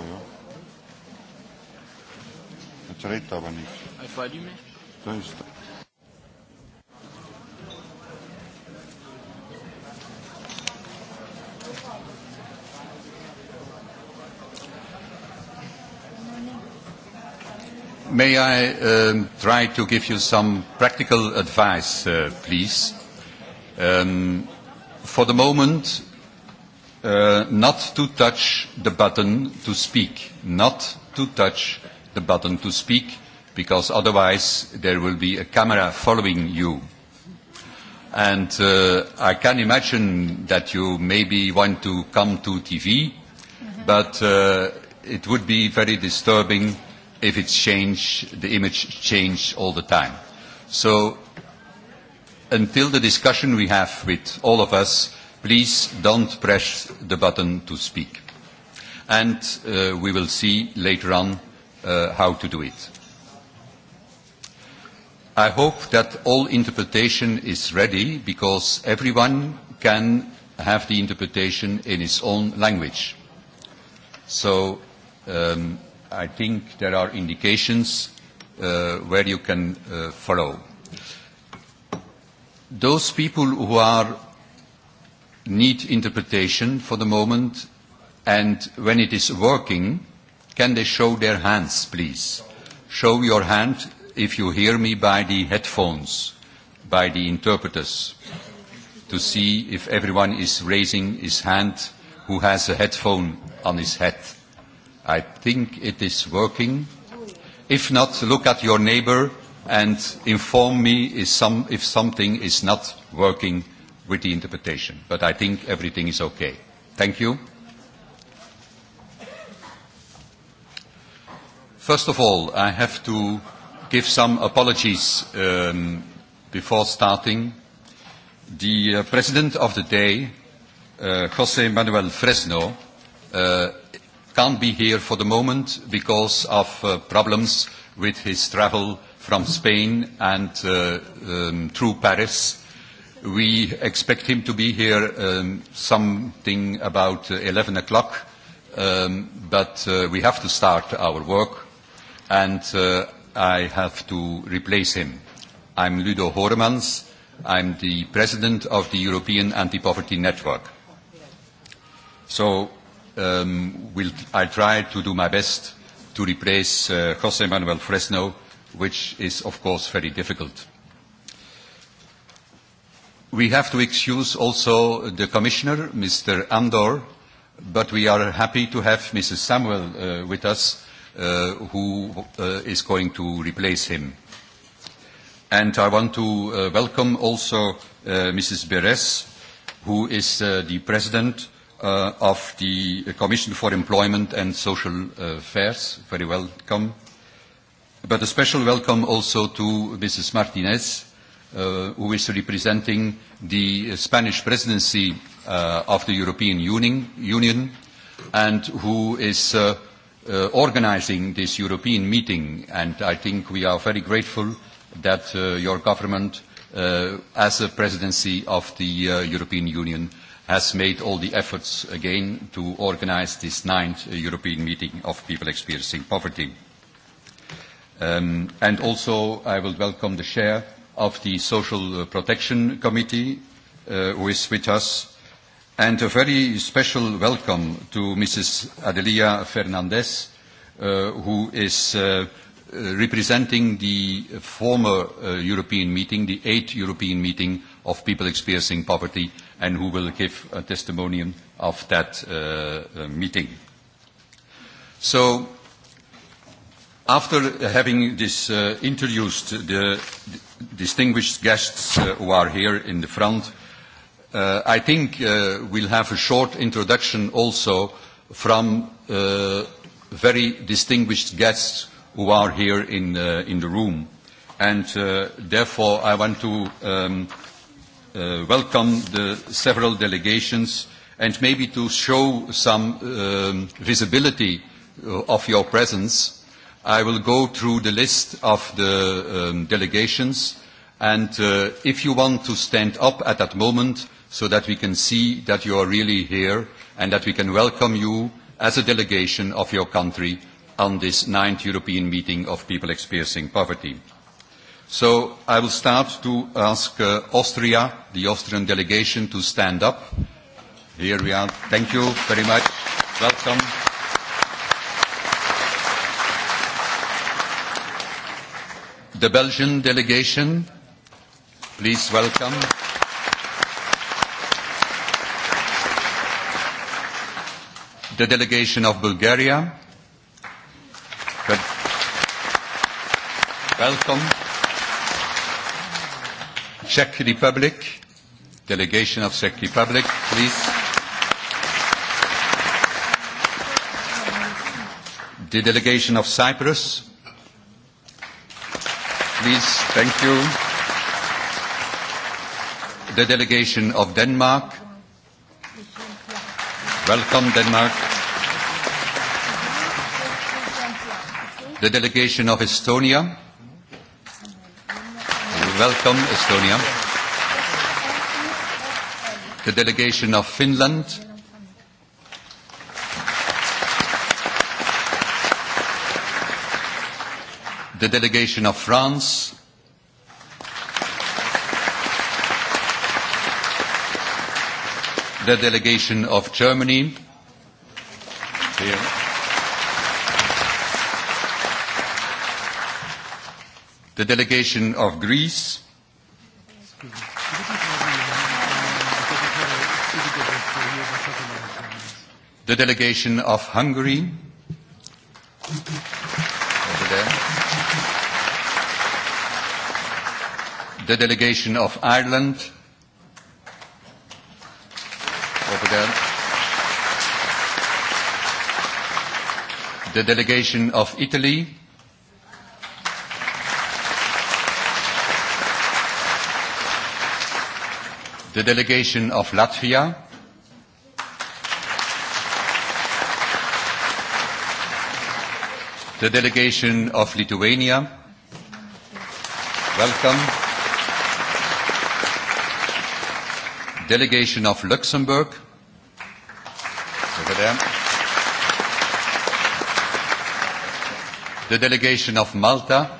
Vittorio. Het reed daar wel niet. Hij valt niet meer. Dus May I uh, try to give you some practical advice, uh, please? Um, for the moment, uh, not to touch the button to speak, not to touch the button to speak, because otherwise there will be a camera following you. And uh, I can imagine that you maybe want to come to TV, mm-hmm. but uh, it would be very disturbing if it's changed the image changed all the time. So until the discussion we have with all of us, please don't press the button to speak. And uh, we will see later on uh, how to do it. I hope that all interpretation is ready because everyone can have the interpretation in his own language. So um, I think there are indications uh, where you can uh, follow. Those people who are need interpretation for the moment? And when it is working, can they show their hands, please? Show your hand if you hear me by the headphones, by the interpreters, to see if everyone is raising his hand who has a headphone on his head. I think it is working. If not, look at your neighbor and inform me if, some, if something is not working with the interpretation. But I think everything is okay. Thank you. First of all, I have to give some apologies um, before starting. The uh, president of the day, uh, Jose Manuel Fresno, uh, can't be here for the moment because of uh, problems with his travel from Spain and uh, um, through Paris We expect him to be here um, something about uh, 11 o'clock, um, but uh, we have to start our work, and uh, I have to replace him. I'm Ludo Horemans. I'm the president of the European Anti-Poverty Network. So um, we'll, I'll try to do my best to replace uh, José Manuel Fresno, which is, of course, very difficult. We have to excuse also the Commissioner, Mr. Andor, but we are happy to have Mrs. Samuel uh, with us, uh, who uh, is going to replace him. And I want to uh, welcome also uh, Mrs. Beres, who is uh, the President uh, of the Commission for Employment and Social uh, Affairs. Very welcome. But a special welcome also to Mrs. Martinez, uh, who is representing the Spanish presidency uh, of the European Union, Union and who is uh, uh, organizing this European meeting. And I think we are very grateful that uh, your government, uh, as a presidency of the uh, European Union, has made all the efforts again to organize this ninth uh, European meeting of people experiencing poverty. Um, and also I will welcome the chair of the Social uh, Protection Committee, uh, who is with us, and a very special welcome to Mrs. Adelia Fernandez, uh, who is uh, uh, representing the former uh, European meeting, the eighth European meeting of people experiencing poverty, and who will give a testimonium of that uh, uh meeting. So, after having this uh, introduced the, distinguished guests uh, who are here in the front. Uh, I think uh, we'll have a short introduction also from uh, very distinguished guests who are here in, uh, in the room. And uh, therefore, I want to um, uh, welcome the several delegations and maybe to show some um, visibility uh, of your presence i will go through the list of the um, delegations, and uh, if you want to stand up at that moment so that we can see that you are really here and that we can welcome you as a delegation of your country on this ninth European meeting of people experiencing poverty. So I will start to ask uh, Austria, the Austrian delegation, to stand up. Here we are. Thank you very much. Welcome. the Belgian delegation. Please welcome. the delegation of Bulgaria. welcome. Czech Republic, delegation of Czech Republic, please. The delegation of Cyprus, please. Thank you. The delegation of Denmark. Welcome, Denmark. The delegation of Estonia. Welcome, Estonia. The delegation of Finland. the delegation of France. The delegation of Germany. Here. The delegation of Greece. The delegation of Hungary. the delegation of Ireland. Over there. The delegation of Italy. The delegation of Latvia. The delegation of Lithuania. Welcome. delegation of Luxembourg. Over there. The delegation of Malta.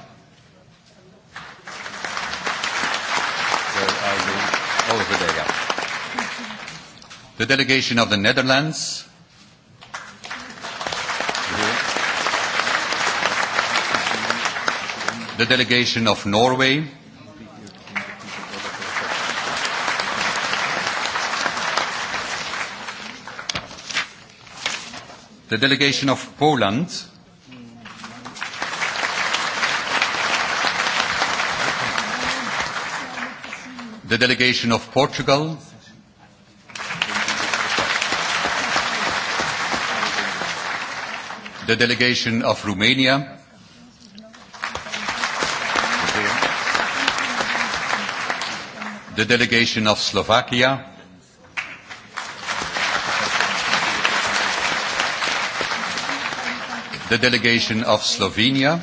Oh, over there, yeah. The delegation of the Netherlands. The delegation of Norway. the delegation of Poland. The delegation of Portugal. The delegation of Romania. The delegation of Slovakia. the delegation of Slovenia.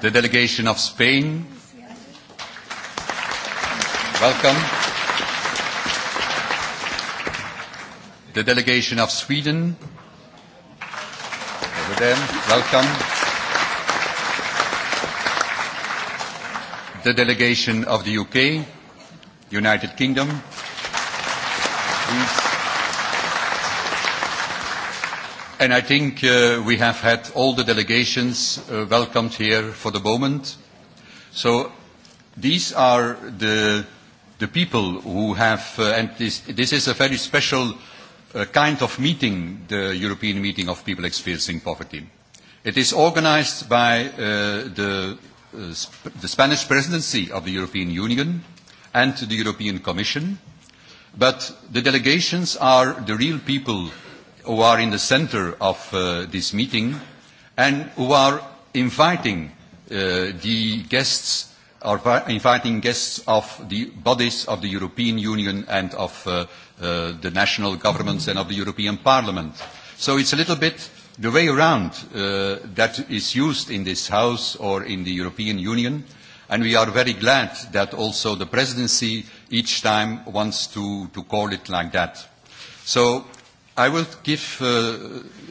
The delegation of Spain. Welcome. The delegation of Sweden. Over there. Welcome. the delegation of the UK, United Kingdom. And I think uh, we have had all the delegations uh, welcomed here for the moment. So these are the, the people who have, uh, and this, this is a very special uh, kind of meeting, the European meeting of people experiencing poverty. It is organized by uh, the, uh, sp the Spanish presidency of the European Union and the European Commission, but the delegations are the real people who are in the center of uh, this meeting and who are inviting uh, the guests are inviting guests of the bodies of the European Union and of uh, uh, the national governments and of the European Parliament. So it's a little bit the way around uh, that is used in this House or in the European Union, and we are very glad that also the presidency each time wants to, to call it like that. So i will give, uh,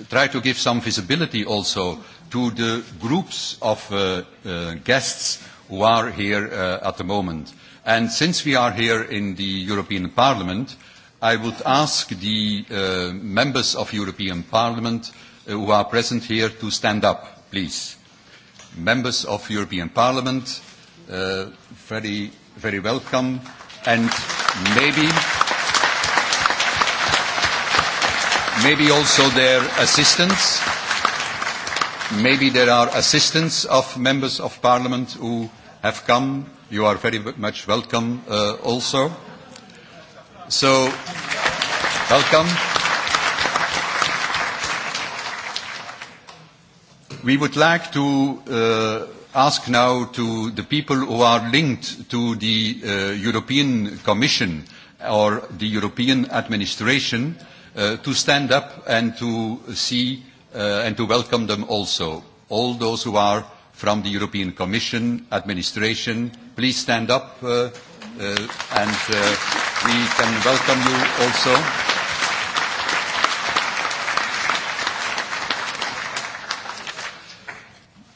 try to give some visibility also to the groups of uh, uh, guests who are here uh, at the moment. And since we are here in the European Parliament, I would ask the uh, members of European Parliament uh, who are present here to stand up, please. Members of European Parliament, uh, very, very welcome. And maybe... maybe also their assistants. Maybe there are assistants of members of parliament who have come. You are very much welcome uh, also. So, welcome. We would like to uh, ask now to the people who are linked to the uh, European Commission or the European administration Uh, to stand up and to see uh, and to welcome them also. All those who are from the European Commission, administration, please stand up uh, uh, and uh, we can welcome you also.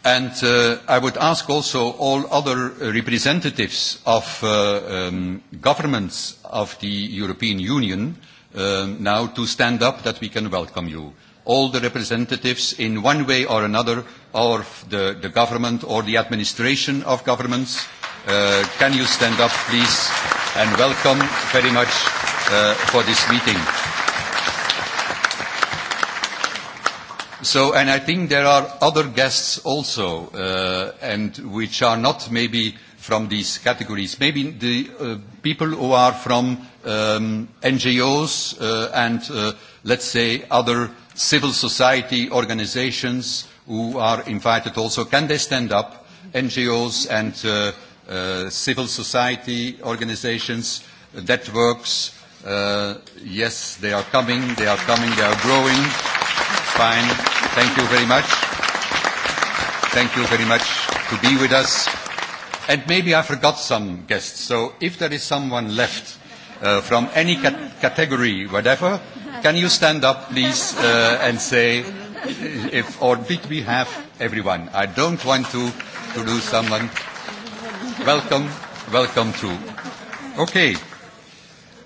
And uh, I would ask also all other representatives of uh, um, governments of the European Union uh, now to stand up that we can welcome you. All the representatives in one way or another of the, the government or the administration of governments, uh, can you stand up please and welcome very much uh, for this meeting. So, and I think there are other guests also, uh, and which are not maybe from these categories. Maybe the uh, people who are from um, NGOs uh, and, uh, let's say, other civil society organizations who are invited also, can they stand up, NGOs and uh, uh, civil society organizations, networks, uh, yes, they are coming, they are coming, they are growing, fine, thank you very much, thank you very much to be with us, and maybe I forgot some guests, so if there is someone left, uh, from any cat- category, whatever, can you stand up, please, uh, and say, if or did we have everyone? I don't want to, to lose someone. Welcome, welcome to. Okay.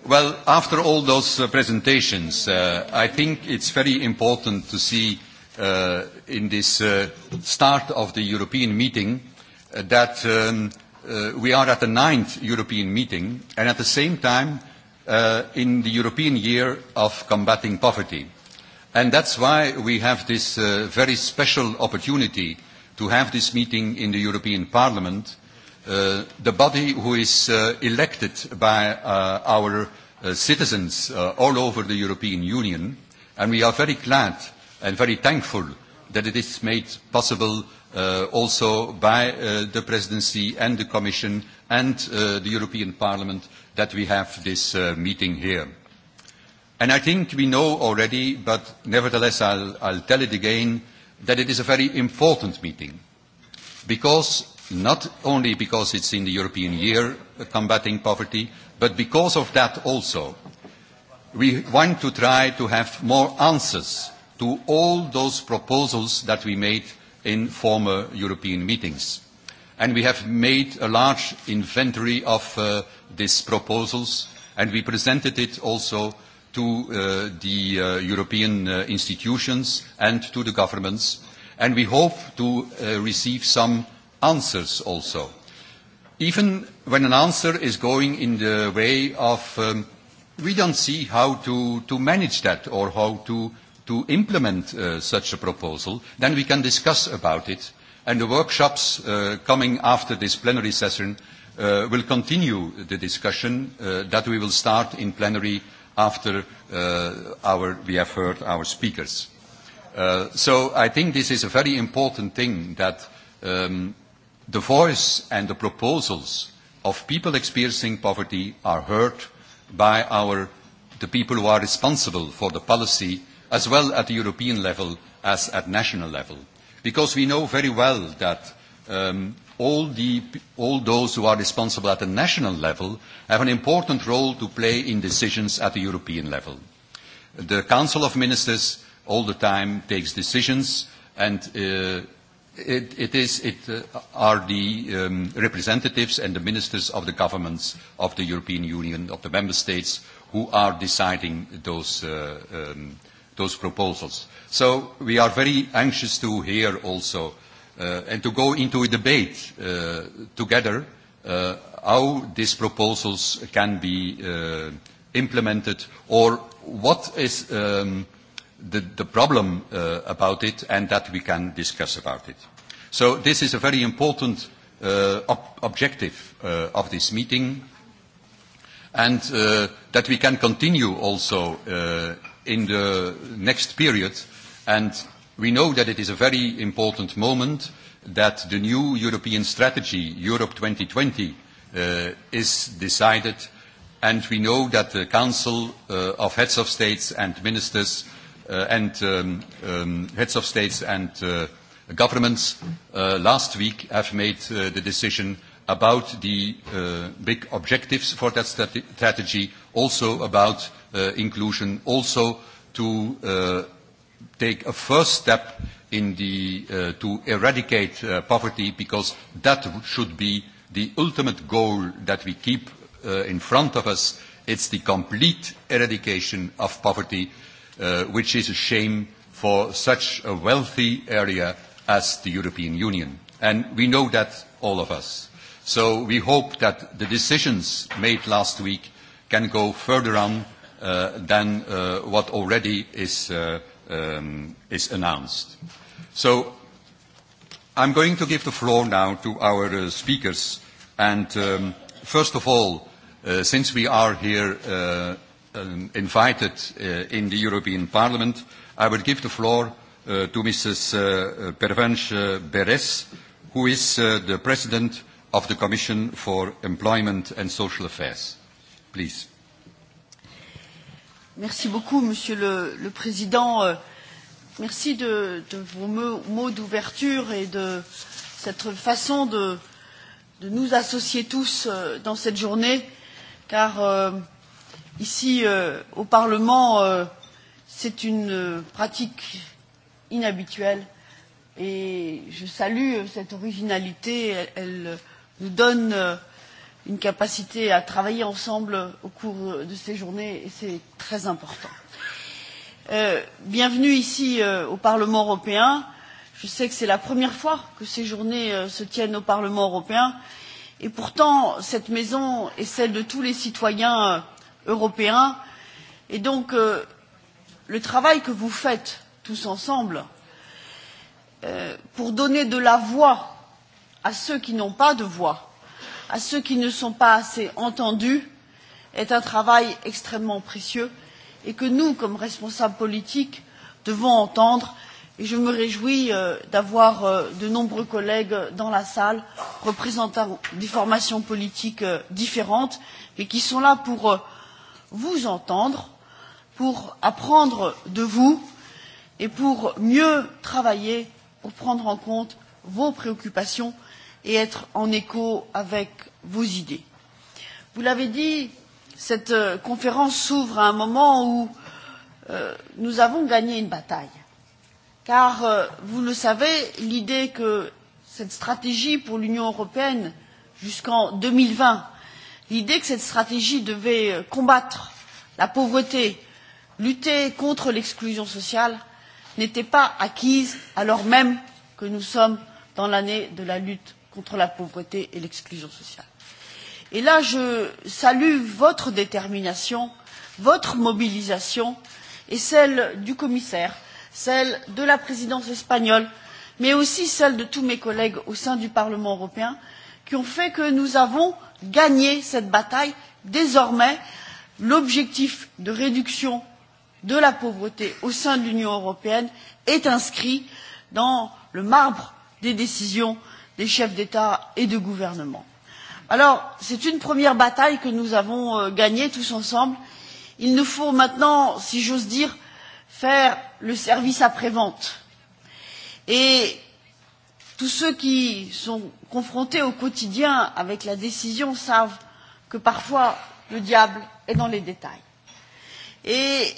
Well, after all those uh, presentations, uh, I think it's very important to see uh, in this uh, start of the European meeting uh, that um, uh, we are at the ninth European meeting, and at the same time, uh, in the European Year of Combating Poverty. And that's why we have this uh, very special opportunity to have this meeting in the European Parliament, uh, the body who is uh, elected by uh, our uh, citizens uh, all over the European Union. And we are very glad and very thankful that it is made possible uh, also by uh, the Presidency and the Commission and uh, the European Parliament that we have this uh, meeting here. And I think we know already, but nevertheless I'll, I'll tell it again, that it is a very important meeting. Because, not only because it's in the European year uh, combating poverty, but because of that also, we want to try to have more answers to all those proposals that we made in former European meetings. And we have made a large inventory of uh, these proposals, and we presented it also to uh, the uh, European uh, institutions and to the governments, and we hope to uh, receive some answers also. Even when an answer is going in the way of um, we don't see how to, to manage that or how to to implement uh, such a proposal, then we can discuss about it. And the workshops uh, coming after this plenary session uh, will continue the discussion uh, that we will start in plenary after uh, our, we have heard our speakers. Uh, so I think this is a very important thing that um, the voice and the proposals of people experiencing poverty are heard by our, the people who are responsible for the policy as well at the European level as at national level. Because we know very well that um, all, the, all those who are responsible at the national level have an important role to play in decisions at the European level. The Council of Ministers all the time takes decisions and uh, it, it is, it uh, are the um, representatives and the ministers of the governments of the European Union, of the member states, who are deciding those uh, um, those proposals. So we are very anxious to hear also uh, and to go into a debate uh, together uh, how these proposals can be uh, implemented or what is um, the, the problem uh, about it and that we can discuss about it. So this is a very important uh, ob objective uh, of this meeting and uh, that we can continue also uh, in the next period. And we know that it is a very important moment that the new European strategy, Europe 2020, uh, is decided. And we know that the Council uh, of Heads of States and Ministers uh, and um, um, Heads of States and uh, Governments uh, last week have made uh, the decision about the uh, big objectives for that strate strategy, also about uh, inclusion also to uh, take a first step in the, uh, to eradicate uh, poverty because that should be the ultimate goal that we keep uh, in front of us. It's the complete eradication of poverty, uh, which is a shame for such a wealthy area as the European Union. And we know that, all of us. So we hope that the decisions made last week can go further on Uh, than uh, what already is, uh, um, is announced. So I'm going to give the floor now to our uh, speakers. And um, first of all, uh, since we are here uh, um, invited uh, in the European Parliament, I will give the floor uh, to Mrs. Uh, Pervenche uh, Beres, who is uh, the President of the Commission for Employment and Social Affairs. Please. Merci beaucoup, Monsieur le, le Président. Euh, merci de, de vos mots d'ouverture et de cette façon de, de nous associer tous euh, dans cette journée, car euh, ici, euh, au Parlement, euh, c'est une euh, pratique inhabituelle et je salue cette originalité. Elle, elle nous donne une capacité à travailler ensemble au cours de ces journées et c'est très important. Euh, bienvenue ici euh, au Parlement européen. Je sais que c'est la première fois que ces journées euh, se tiennent au Parlement européen et pourtant cette maison est celle de tous les citoyens euh, européens et donc euh, le travail que vous faites tous ensemble euh, pour donner de la voix à ceux qui n'ont pas de voix à ceux qui ne sont pas assez entendus est un travail extrêmement précieux et que nous comme responsables politiques devons entendre et je me réjouis euh, d'avoir euh, de nombreux collègues dans la salle représentant des formations politiques euh, différentes mais qui sont là pour vous entendre pour apprendre de vous et pour mieux travailler pour prendre en compte vos préoccupations et être en écho avec vos idées. Vous l'avez dit, cette euh, conférence s'ouvre à un moment où euh, nous avons gagné une bataille. Car, euh, vous le savez, l'idée que cette stratégie pour l'Union européenne jusqu'en 2020, l'idée que cette stratégie devait euh, combattre la pauvreté, lutter contre l'exclusion sociale, n'était pas acquise alors même que nous sommes dans l'année de la lutte contre la pauvreté et l'exclusion sociale. Et là, je salue votre détermination, votre mobilisation et celle du commissaire, celle de la présidence espagnole, mais aussi celle de tous mes collègues au sein du Parlement européen, qui ont fait que nous avons gagné cette bataille. Désormais, l'objectif de réduction de la pauvreté au sein de l'union européenne est inscrit dans le marbre des décisions des chefs d'état et de gouvernement. Alors, c'est une première bataille que nous avons euh, gagnée tous ensemble. il nous faut maintenant si j'ose dire faire le service après vente et tous ceux qui sont confrontés au quotidien avec la décision savent que parfois le diable est dans les détails. Et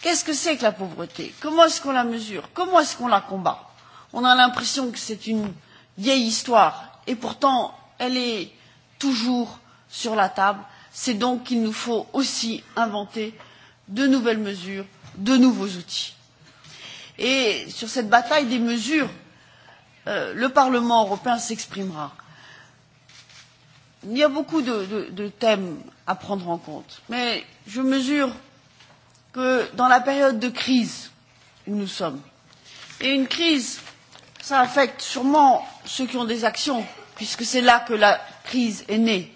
qu'est ce que c'est que la pauvreté? comment est ce qu'on la mesure? comment est ce qu'on la combat? on a l'impression que c'est une vieille histoire et pourtant elle est toujours sur la table. c'est donc qu'il nous faut aussi inventer de nouvelles mesures de nouveaux outils. et sur cette bataille des mesures euh, le parlement européen s'exprimera. il y a beaucoup de, de, de thèmes à prendre en compte mais je mesure que dans la période de crise où nous sommes et une crise ça affecte sûrement ceux qui ont des actions, puisque c'est là que la crise est née.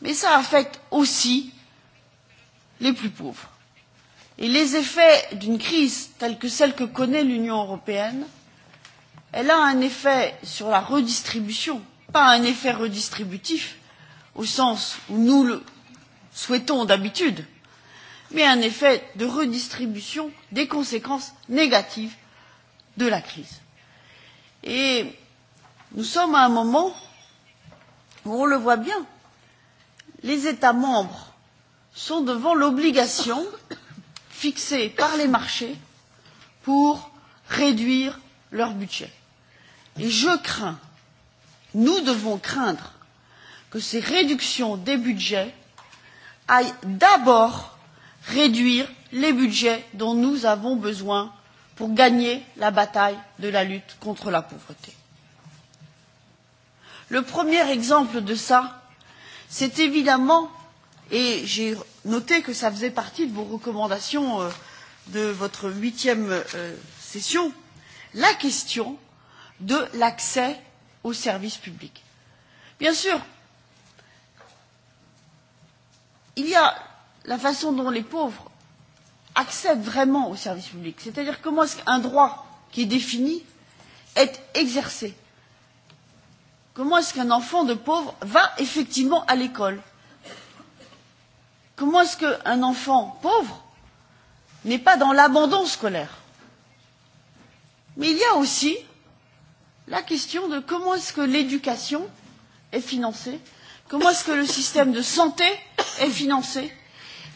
Mais ça affecte aussi les plus pauvres. Et les effets d'une crise telle que celle que connaît l'Union européenne, elle a un effet sur la redistribution, pas un effet redistributif au sens où nous le souhaitons d'habitude, mais un effet de redistribution des conséquences négatives de la crise. Et Nous sommes à un moment où on le voit bien, les États membres sont devant l'obligation fixée par les marchés pour réduire leur budget. Et je crains, nous devons craindre que ces réductions des budgets aillent d'abord réduire les budgets dont nous avons besoin pour gagner la bataille de la lutte contre la pauvreté le premier exemple de cela c'est évidemment et j'ai noté que cela faisait partie de vos recommandations euh, de votre huitième euh, session la question de l'accès aux services publics. bien sûr il y a la façon dont les pauvres accèdent vraiment aux services publics c'est à dire comment est ce qu'un droit qui est défini est exercé Comment est-ce qu'un enfant de pauvre va effectivement à l'école Comment est-ce qu'un enfant pauvre n'est pas dans l'abandon scolaire Mais il y a aussi la question de comment est-ce que l'éducation est financée, comment est-ce que le système de santé est financé.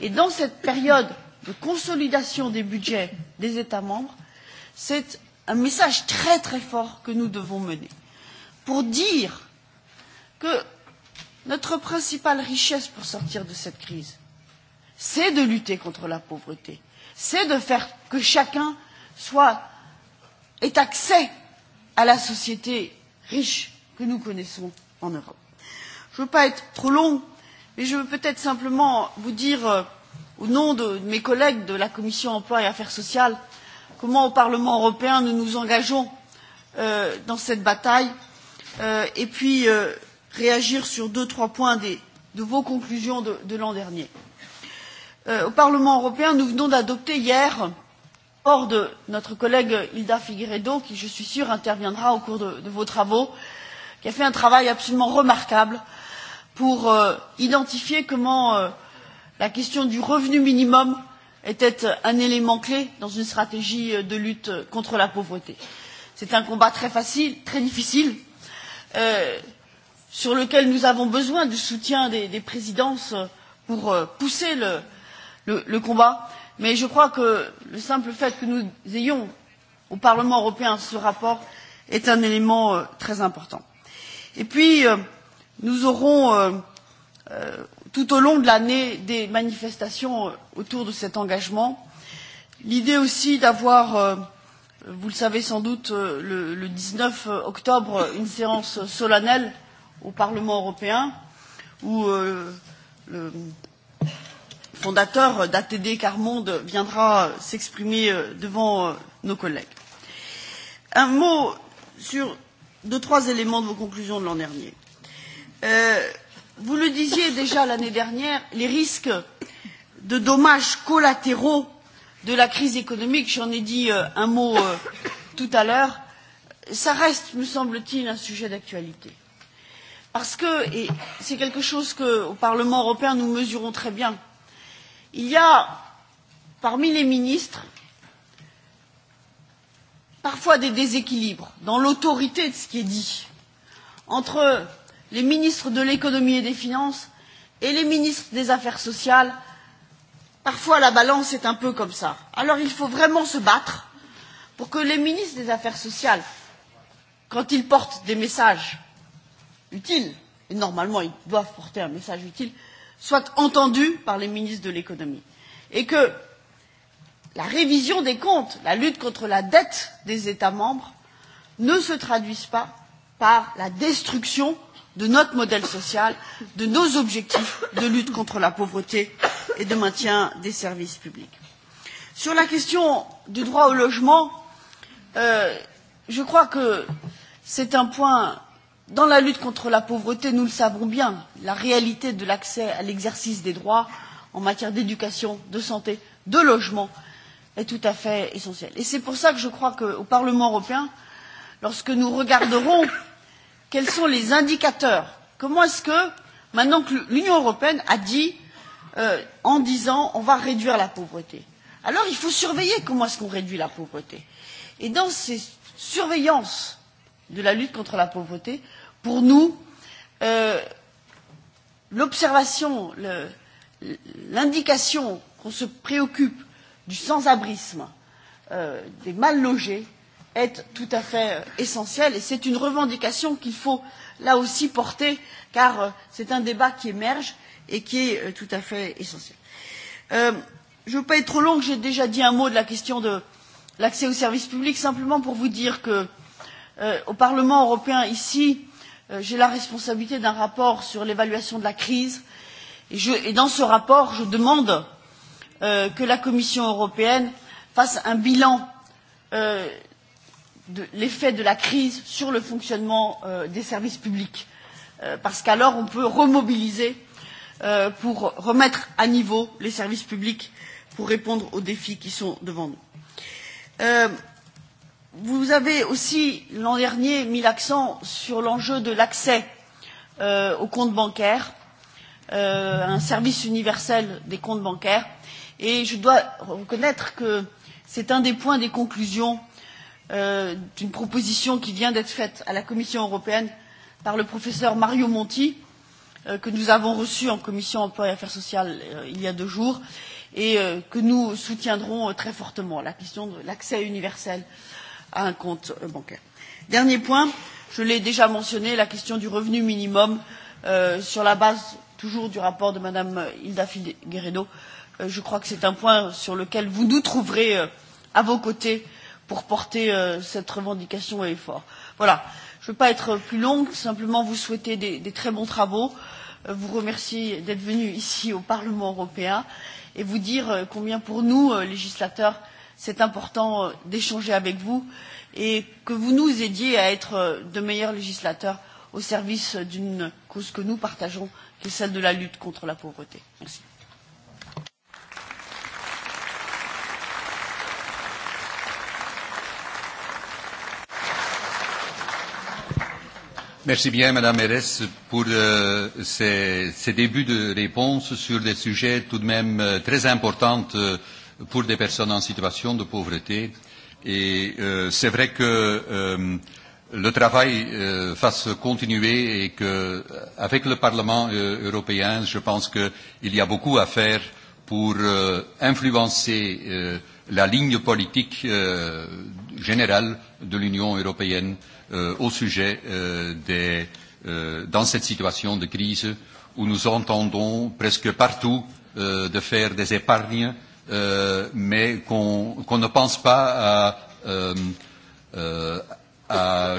Et dans cette période de consolidation des budgets des États membres, c'est un message très très fort que nous devons mener pour dire que notre principale richesse pour sortir de cette crise, c'est de lutter contre la pauvreté, c'est de faire que chacun soit, ait accès à la société riche que nous connaissons en Europe. Je ne veux pas être trop long, mais je veux peut-être simplement vous dire, euh, au nom de mes collègues de la Commission emploi et affaires sociales, comment au Parlement européen nous nous engageons euh, dans cette bataille euh, et puis euh, réagir sur deux, trois points des, de vos conclusions de, de l'an dernier. Euh, au Parlement européen, nous venons d'adopter hier, hors de notre collègue Hilda Figueiredo, qui je suis sûre interviendra au cours de, de vos travaux, qui a fait un travail absolument remarquable pour euh, identifier comment euh, la question du revenu minimum était un élément clé dans une stratégie de lutte contre la pauvreté. C'est un combat très facile, très difficile, Euh, sur lequel nous avons besoin du soutien des, des présidences pour euh, pousser le, le, le combat mais je crois que le simple fait que nous ayons au parlement européen ce rapport est un élément euh, très important. et puis nous aurons tout au long de l'année des manifestations autour de cet engagement l'idée aussi d'avoir Vous le savez sans doute, euh, le, le 19 euh, octobre, une séance solennelle au Parlement européen où euh, le fondateur d'ATD Carmonde viendra s'exprimer euh, devant nos collègues. Un mot sur deux, trois éléments de vos conclusions de l'an dernier. Euh, vous le disiez déjà l'année dernière, les risques de dommages collatéraux de la crise économique j'en ai dit euh, un mot euh, tout à l'heure ça reste me semble t il un sujet d'actualité parce que et c'est quelque chose qu'au parlement européen nous mesurons très bien il y a parmi les ministres parfois des déséquilibres dans l'autorité de ce qui est dit entre les ministres de l'économie et des finances et les ministres des affaires sociales Parfois, la balance est un peu comme ça. Alors, il faut vraiment se battre pour que les ministres des Affaires sociales, quand ils portent des messages utiles, et normalement ils doivent porter un message utile, soient entendus par les ministres de l'économie. Et que la révision des comptes, la lutte contre la dette des États membres ne se traduise pas par la destruction de notre modèle social de nos objectifs de lutte contre la pauvreté et de maintien des services publics. sur la question du droit au logement euh, je crois que c'est un point dans la lutte contre la pauvreté nous le savons bien la réalité de l'accès à l'exercice des droits en matière d'éducation de santé de logement est tout à fait essentielle. et c'est pour cela que je crois qu'au parlement européen lorsque nous regarderons quels sont les indicateurs Comment est-ce que, maintenant que l'Union européenne a dit euh, en disant on va réduire la pauvreté, alors il faut surveiller comment est-ce qu'on réduit la pauvreté. Et dans ces surveillances de la lutte contre la pauvreté, pour nous, euh, l'observation, l'indication qu'on se préoccupe du sans abrisme, euh, des mal logés, est tout à fait euh, essentiel et c'est une revendication qu'il faut là aussi porter car euh, c'est un débat qui émerge et qui est euh, tout à fait essentiel. Euh, je ne veux pas être trop longue, j'ai déjà dit un mot de la question de l'accès aux services publics, simplement pour vous dire que euh, au Parlement européen ici, euh, j'ai la responsabilité d'un rapport sur l'évaluation de la crise et, je, et dans ce rapport, je demande euh, que la Commission européenne fasse un bilan euh, de l'effet de la crise sur le fonctionnement euh, des services publics euh, parce qu'alors on peut remobiliser euh, pour remettre à niveau les services publics pour répondre aux défis qui sont devant nous. Euh, vous avez aussi l'an dernier mis l'accent sur l'enjeu de l'accès euh, aux comptes bancaires euh, un service universel des comptes bancaires et je dois reconnaître que c'est un des points des conclusions euh, Euh, d'une proposition qui vient d'être faite à la Commission européenne par le professeur Mario Monti, euh, que nous avons reçu en Commission emploi et affaires sociales euh, il y a deux jours et euh, que nous soutiendrons euh, très fortement la question de l'accès universel à un compte euh, bancaire. Dernier point, je l'ai déjà mentionné, la question du revenu minimum euh, sur la base toujours du rapport de Mme Hilda Figueredo. Euh, je crois que c'est un point sur lequel vous nous trouverez euh, à vos côtés pour porter euh, cette revendication et effort. Voilà, je ne veux pas être plus longue, simplement vous souhaiter des, des très bons travaux, euh, vous remercier d'être venu ici au Parlement européen et vous dire euh, combien pour nous, euh, législateurs, c'est important euh, d'échanger avec vous et que vous nous aidiez à être euh, de meilleurs législateurs au service euh, d'une cause que nous partageons, qui est celle de la lutte contre la pauvreté. Merci. Merci bien, Madame Erès, pour euh, ces, ces débuts de réponse sur des sujets tout de même euh, très importants euh, pour des personnes en situation de pauvreté. Et euh, c'est vrai que euh, le travail euh, fasse continuer et que, avec le Parlement euh, européen, je pense qu'il y a beaucoup à faire pour euh, influencer euh, la ligne politique euh, générale de l'Union européenne euh, au sujet euh, des, euh, dans cette situation de crise où nous entendons presque partout euh, de faire des épargnes, euh, mais qu'on ne pense pas à, euh, euh, à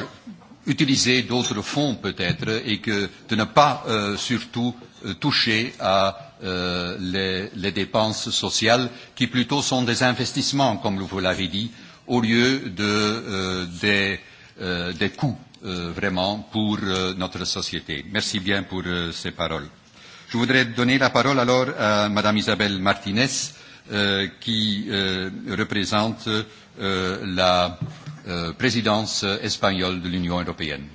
utiliser d'autres fonds peut-être et que de ne pas euh, surtout euh, toucher à euh, les, les dépenses sociales qui plutôt sont des investissements, comme vous l'avez dit, au lieu de, euh, des, euh, des coûts euh, vraiment pour euh, notre société. Merci bien pour euh, ces paroles. Je voudrais donner la parole alors à Madame Isabelle Martinez, euh, qui euh, représente euh, la euh, présidence espagnole de l'Union européenne.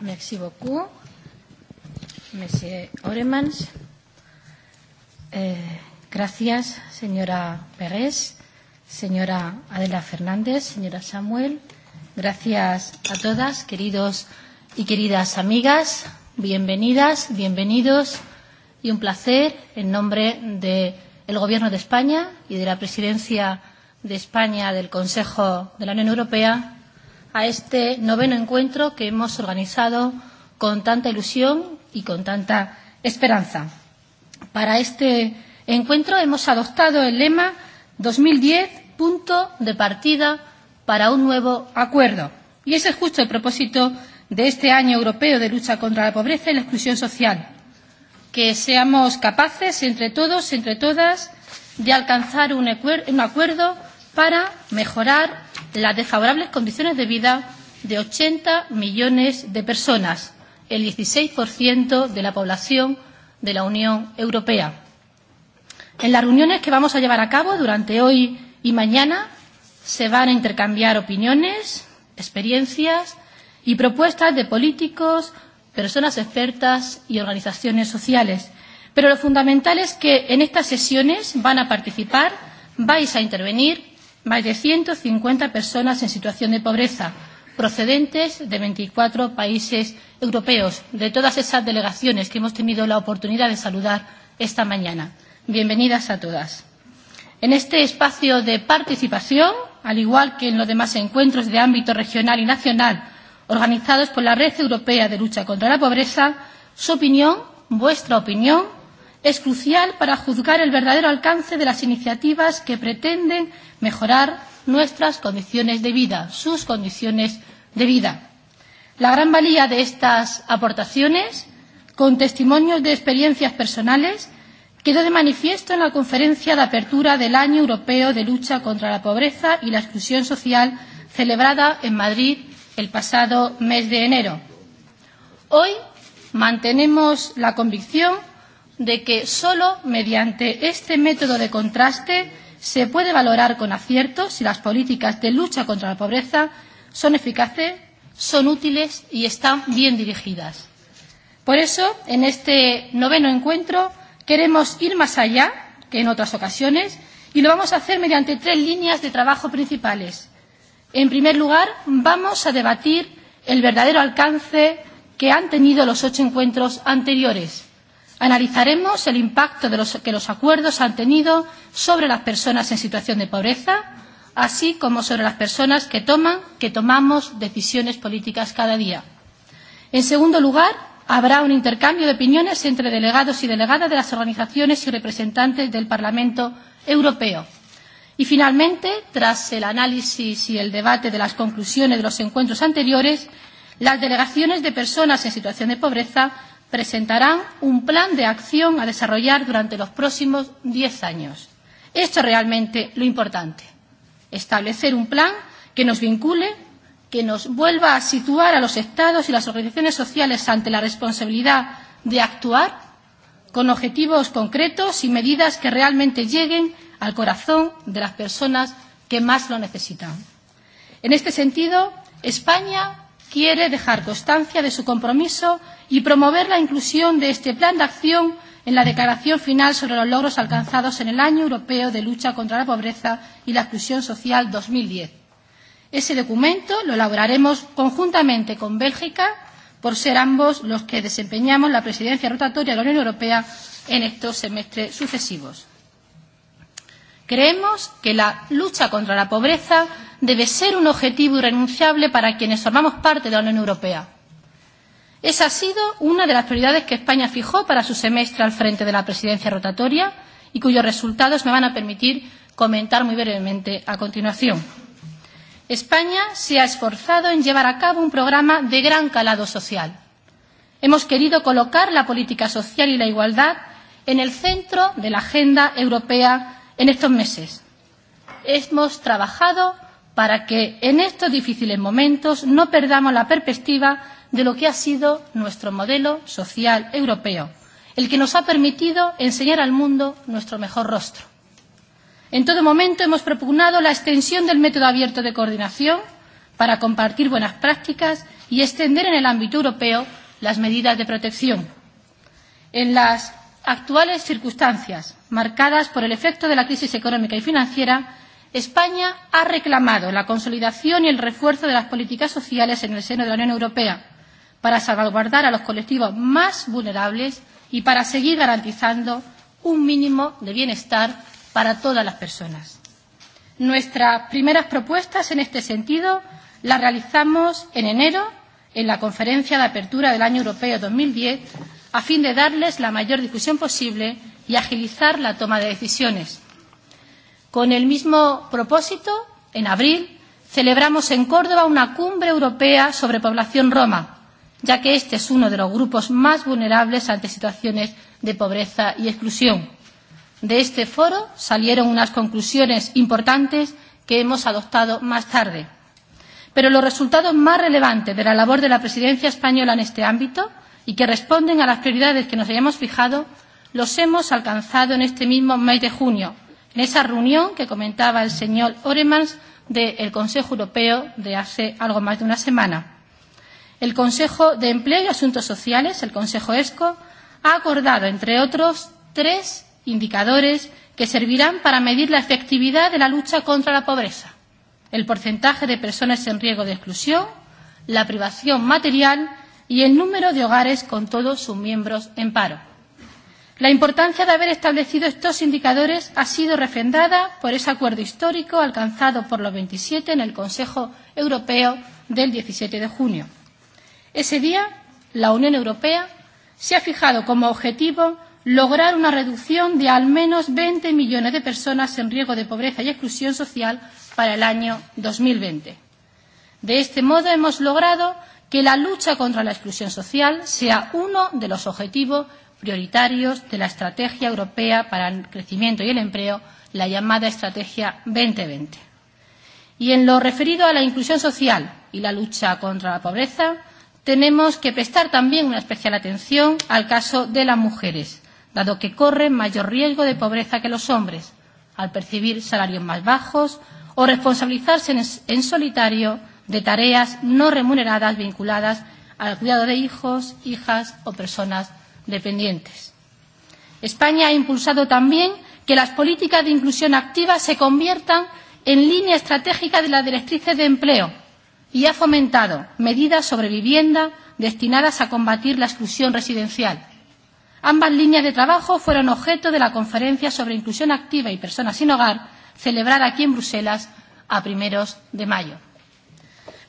Merci beaucoup, Monsieur Oremans. Eh, gracias, señora Pérez señora Adela Fernández, señora Samuel. Gracias a todas, queridos y queridas amigas. Bienvenidas, bienvenidos y un placer en nombre del de Gobierno de España y de la Presidencia de España del Consejo de la Unión Europea a este noveno encuentro que hemos organizado con tanta ilusión y con tanta esperanza. Para este encuentro hemos adoptado el lema 2010, punto de partida para un nuevo acuerdo. Y ese es justo el propósito de este año europeo de lucha contra la pobreza y la exclusión social. Que seamos capaces, entre todos, entre todas, de alcanzar un, un acuerdo para mejorar las desfavorables condiciones de vida de 80 millones de personas, el 16% de la población de la Unión Europea. En las reuniones que vamos a llevar a cabo durante hoy y mañana se van a intercambiar opiniones, experiencias y propuestas de políticos, personas expertas y organizaciones sociales. Pero lo fundamental es que en estas sesiones van a participar, vais a intervenir más de 150 personas en situación de pobreza, procedentes de 24 países europeos, de todas esas delegaciones que hemos tenido la oportunidad de saludar esta mañana. Bienvenidas a todas. En este espacio de participación, al igual que en los demás encuentros de ámbito regional y nacional organizados por la Red Europea de Lucha contra la Pobreza, su opinión, vuestra opinión, es crucial para juzgar el verdadero alcance de las iniciativas que pretenden mejorar nuestras condiciones de vida, sus condiciones de vida. La gran valía de estas aportaciones, con testimonios de experiencias personales, quedó de manifiesto en la conferencia de apertura del Año Europeo de Lucha contra la Pobreza y la Exclusión Social celebrada en Madrid el pasado mes de enero. Hoy mantenemos la convicción de que solo mediante este método de contraste se puede valorar con acierto si las políticas de lucha contra la pobreza son eficaces, son útiles y están bien dirigidas. Por eso, en este noveno encuentro, Queremos ir más allá que en otras ocasiones y lo vamos a hacer mediante tres líneas de trabajo principales. En primer lugar, vamos a debatir el verdadero alcance que han tenido los ocho encuentros anteriores. Analizaremos el impacto de los, que los acuerdos han tenido sobre las personas en situación de pobreza, así como sobre las personas que toman, que tomamos decisiones políticas cada día. En segundo lugar, habrá un intercambio de opiniones entre delegados y delegadas de las organizaciones y representantes del Parlamento Europeo. Y finalmente, tras el análisis y el debate de las conclusiones de los encuentros anteriores, las delegaciones de personas en situación de pobreza presentarán un plan de acción a desarrollar durante los próximos diez años. Esto es realmente lo importante. Establecer un plan que nos vincule que nos vuelva a situar a los Estados y las organizaciones sociales ante la responsabilidad de actuar con objetivos concretos y medidas que realmente lleguen al corazón de las personas que más lo necesitan. En este sentido, España quiere dejar constancia de su compromiso y promover la inclusión de este plan de acción en la declaración final sobre los logros alcanzados en el Año Europeo de Lucha contra la Pobreza y la Exclusión Social 2010 Ese documento lo elaboraremos conjuntamente con Bélgica, por ser ambos los que desempeñamos la presidencia rotatoria de la Unión Europea en estos semestres sucesivos. Creemos que la lucha contra la pobreza debe ser un objetivo irrenunciable para quienes formamos parte de la Unión Europea. Esa ha sido una de las prioridades que España fijó para su semestre al frente de la presidencia rotatoria y cuyos resultados me van a permitir comentar muy brevemente a continuación. España se ha esforzado en llevar a cabo un programa de gran calado social. Hemos querido colocar la política social y la igualdad en el centro de la agenda europea en estos meses. Hemos trabajado para que en estos difíciles momentos no perdamos la perspectiva de lo que ha sido nuestro modelo social europeo, el que nos ha permitido enseñar al mundo nuestro mejor rostro. En todo momento hemos propugnado la extensión del método abierto de coordinación para compartir buenas prácticas y extender en el ámbito europeo las medidas de protección. En las actuales circunstancias marcadas por el efecto de la crisis económica y financiera, España ha reclamado la consolidación y el refuerzo de las políticas sociales en el seno de la Unión Europea para salvaguardar a los colectivos más vulnerables y para seguir garantizando un mínimo de bienestar para todas las personas. Nuestras primeras propuestas en este sentido las realizamos en enero en la conferencia de apertura del año europeo 2010 a fin de darles la mayor difusión posible y agilizar la toma de decisiones. Con el mismo propósito, en abril, celebramos en Córdoba una cumbre europea sobre población roma, ya que este es uno de los grupos más vulnerables ante situaciones de pobreza y exclusión de este foro salieron unas conclusiones importantes que hemos adoptado más tarde. Pero los resultados más relevantes de la labor de la presidencia española en este ámbito y que responden a las prioridades que nos hayamos fijado los hemos alcanzado en este mismo mes de junio, en esa reunión que comentaba el señor Oremans del Consejo Europeo de hace algo más de una semana. El Consejo de Empleo y Asuntos Sociales, el Consejo ESCO, ha acordado, entre otros, tres indicadores que servirán para medir la efectividad de la lucha contra la pobreza, el porcentaje de personas en riesgo de exclusión, la privación material y el número de hogares con todos sus miembros en paro. La importancia de haber establecido estos indicadores ha sido refrendada por ese acuerdo histórico alcanzado por los 27 en el Consejo Europeo del 17 de junio. Ese día, la Unión Europea se ha fijado como objetivo lograr una reducción de al menos 20 millones de personas en riesgo de pobreza y exclusión social para el año 2020. De este modo, hemos logrado que la lucha contra la exclusión social sea uno de los objetivos prioritarios de la Estrategia Europea para el Crecimiento y el Empleo, la llamada Estrategia 2020. Y en lo referido a la inclusión social y la lucha contra la pobreza, tenemos que prestar también una especial atención al caso de las mujeres, dado que corren mayor riesgo de pobreza que los hombres, al percibir salarios más bajos o responsabilizarse en, en solitario de tareas no remuneradas vinculadas al cuidado de hijos, hijas o personas dependientes. España ha impulsado también que las políticas de inclusión activa se conviertan en línea estratégica de las directrices de empleo y ha fomentado medidas sobre vivienda destinadas a combatir la exclusión residencial Ambas líneas de trabajo fueron objeto de la Conferencia sobre Inclusión Activa y Personas sin Hogar, celebrada aquí en Bruselas a primeros de mayo.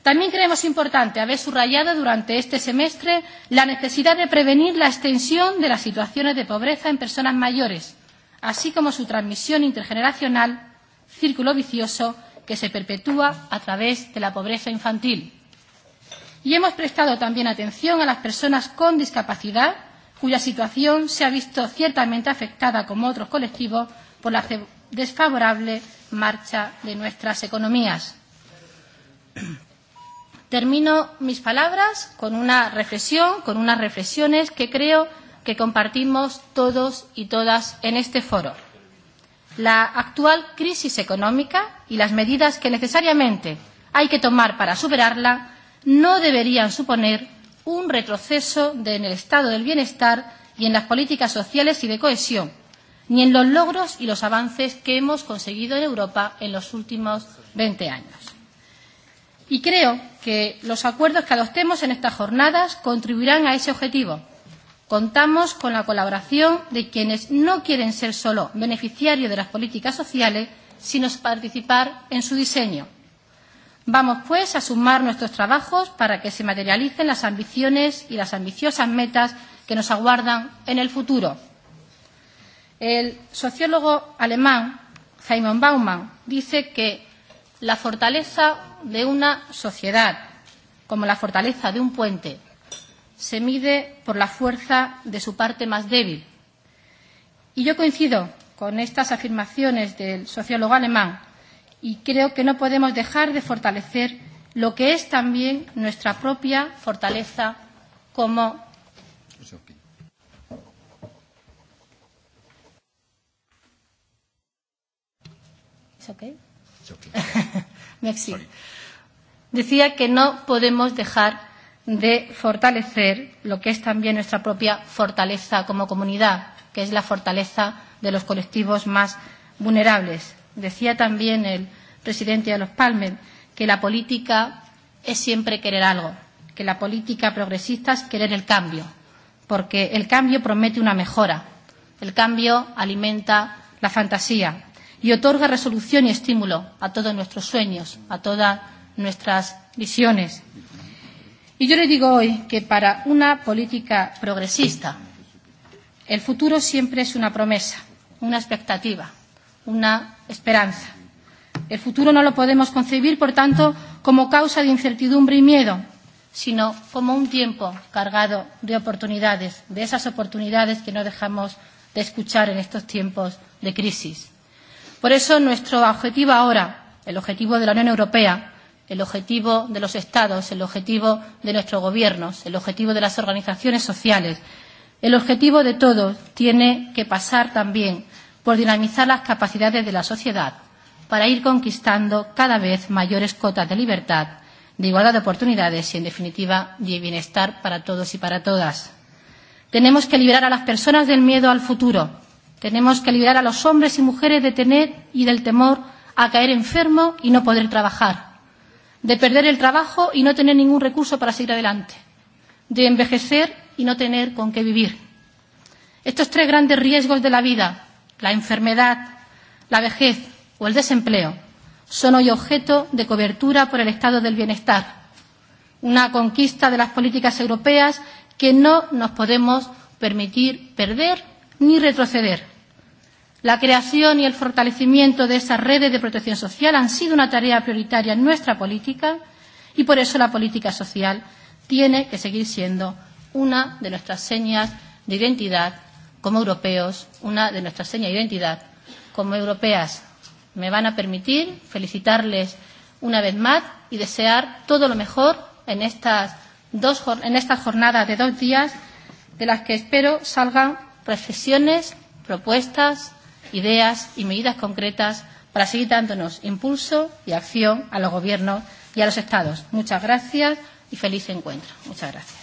También creemos importante haber subrayado durante este semestre la necesidad de prevenir la extensión de las situaciones de pobreza en personas mayores, así como su transmisión intergeneracional, círculo vicioso, que se perpetúa a través de la pobreza infantil. Y hemos prestado también atención a las personas con discapacidad cuya situación se ha visto ciertamente afectada, como otros colectivos, por la desfavorable marcha de nuestras economías. Termino mis palabras con una reflexión, con unas reflexiones que creo que compartimos todos y todas en este foro. La actual crisis económica y las medidas que necesariamente hay que tomar para superarla no deberían suponer un retroceso de, en el estado del bienestar y en las políticas sociales y de cohesión, ni en los logros y los avances que hemos conseguido en Europa en los últimos 20 años. Y creo que los acuerdos que adoptemos en estas jornadas contribuirán a ese objetivo. Contamos con la colaboración de quienes no quieren ser solo beneficiarios de las políticas sociales, sino participar en su diseño. Vamos, pues, a sumar nuestros trabajos para que se materialicen las ambiciones y las ambiciosas metas que nos aguardan en el futuro. El sociólogo alemán Simon Baumann dice que la fortaleza de una sociedad, como la fortaleza de un puente, se mide por la fuerza de su parte más débil. Y yo coincido con estas afirmaciones del sociólogo alemán y creo que no podemos dejar de fortalecer lo que es también nuestra propia fortaleza como okay? okay. Decía que no podemos dejar de fortalecer lo que es también nuestra propia fortaleza como comunidad, que es la fortaleza de los colectivos más vulnerables. Decía también el presidente de los Palmes que la política es siempre querer algo, que la política progresista es querer el cambio, porque el cambio promete una mejora, el cambio alimenta la fantasía y otorga resolución y estímulo a todos nuestros sueños, a todas nuestras visiones. Y yo le digo hoy que para una política progresista el futuro siempre es una promesa, una expectativa, una esperanza. El futuro no lo podemos concebir, por tanto, como causa de incertidumbre y miedo, sino como un tiempo cargado de oportunidades, de esas oportunidades que no dejamos de escuchar en estos tiempos de crisis. Por eso, nuestro objetivo ahora, el objetivo de la Unión Europea, el objetivo de los Estados, el objetivo de nuestros gobiernos, el objetivo de las organizaciones sociales, el objetivo de todos tiene que pasar también por dinamizar las capacidades de la sociedad para ir conquistando cada vez mayores cotas de libertad, de igualdad de oportunidades y, en definitiva, de bienestar para todos y para todas. Tenemos que liberar a las personas del miedo al futuro. Tenemos que liberar a los hombres y mujeres de tener y del temor a caer enfermo y no poder trabajar, de perder el trabajo y no tener ningún recurso para seguir adelante, de envejecer y no tener con qué vivir. Estos tres grandes riesgos de la vida la enfermedad, la vejez o el desempleo son hoy objeto de cobertura por el Estado del Bienestar, una conquista de las políticas europeas que no nos podemos permitir perder ni retroceder. La creación y el fortalecimiento de esas redes de protección social han sido una tarea prioritaria en nuestra política y por eso la política social tiene que seguir siendo una de nuestras señas de identidad como europeos, una de nuestras señas de identidad como europeas. Me van a permitir felicitarles una vez más y desear todo lo mejor en estas, dos, en estas jornadas de dos días de las que espero salgan reflexiones, propuestas, ideas y medidas concretas para seguir dándonos impulso y acción a los gobiernos y a los estados. Muchas gracias y feliz encuentro. Muchas gracias.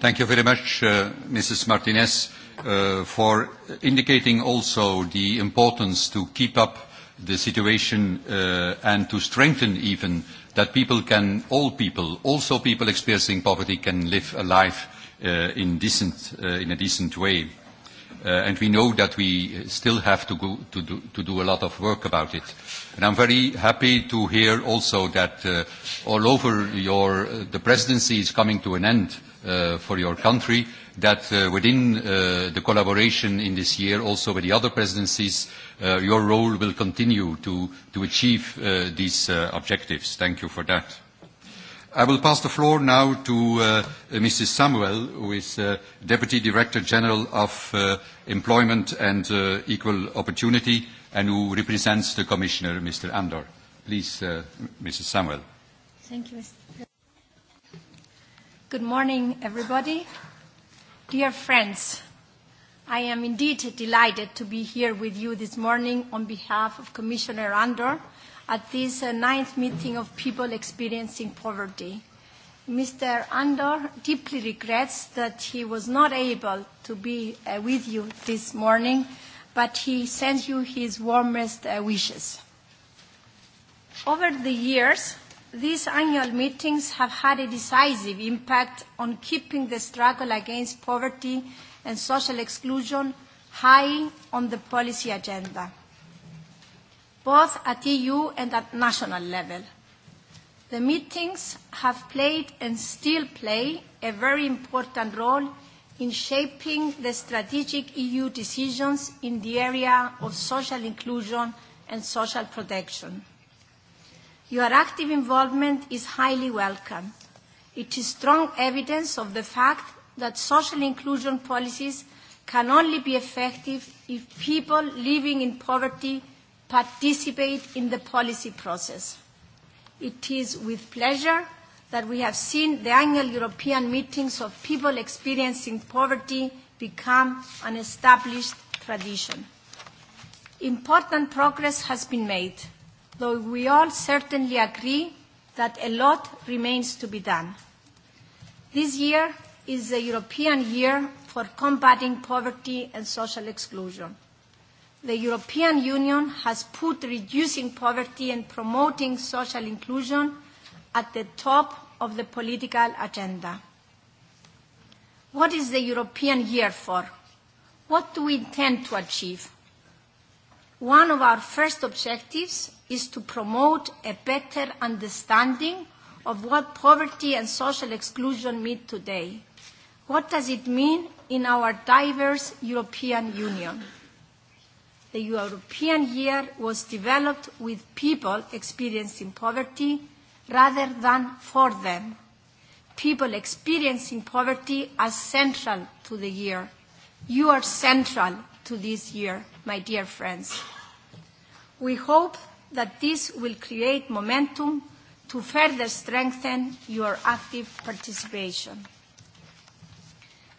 Thank you very much, uh, Mrs. Martinez, uh, for indicating also the importance to keep up the situation uh, and to strengthen even that people can, all people, also people experiencing poverty, can live a life uh, in, decent, uh, in a decent way. Uh, and we know that we still have to, go to, do, to do a lot of work about it. And I'm very happy to hear also that uh, all over your, uh, the presidency is coming to an end uh, for your country, that uh, within uh, the collaboration in this year, also with the other presidencies, uh, your role will continue to, to achieve uh, these uh, objectives. Thank you for that. I will pass the floor now to uh, Mrs. Samuel, who is uh, Deputy Director General of uh, Employment and uh, Equal Opportunity, and who represents the Commissioner, Mr. Andor. Please, uh, Mrs. Samuel. Thank you, Mr. Good morning, everybody. Dear friends, I am indeed delighted to be here with you this morning on behalf of Commissioner Andor at this uh, ninth meeting of people experiencing poverty. Mr. Andor deeply regrets that he was not able to be uh, with you this morning, but he sends you his warmest uh, wishes. Over the years, these annual meetings have had a decisive impact on keeping the struggle against poverty and social exclusion high on the policy agenda, both at EU and at national level. The meetings have played and still play a very important role in shaping the strategic EU decisions in the area of social inclusion and social protection. Your active involvement is highly welcome. It is strong evidence of the fact that social inclusion policies can only be effective if people living in poverty participate in the policy process. It is with pleasure that we have seen the annual European meetings of people experiencing poverty become an established tradition. Important progress has been made though we all certainly agree that a lot remains to be done. This year is the European year for combating poverty and social exclusion. The European Union has put reducing poverty and promoting social inclusion at the top of the political agenda. What is the European year for? What do we intend to achieve? One of our first objectives is to promote a better understanding of what poverty and social exclusion mean today. What does it mean in our diverse European Union? The European year was developed with people experiencing poverty rather than for them. People experiencing poverty are central to the year. You are central to this year, my dear friends. We hope that this will create momentum to further strengthen your active participation.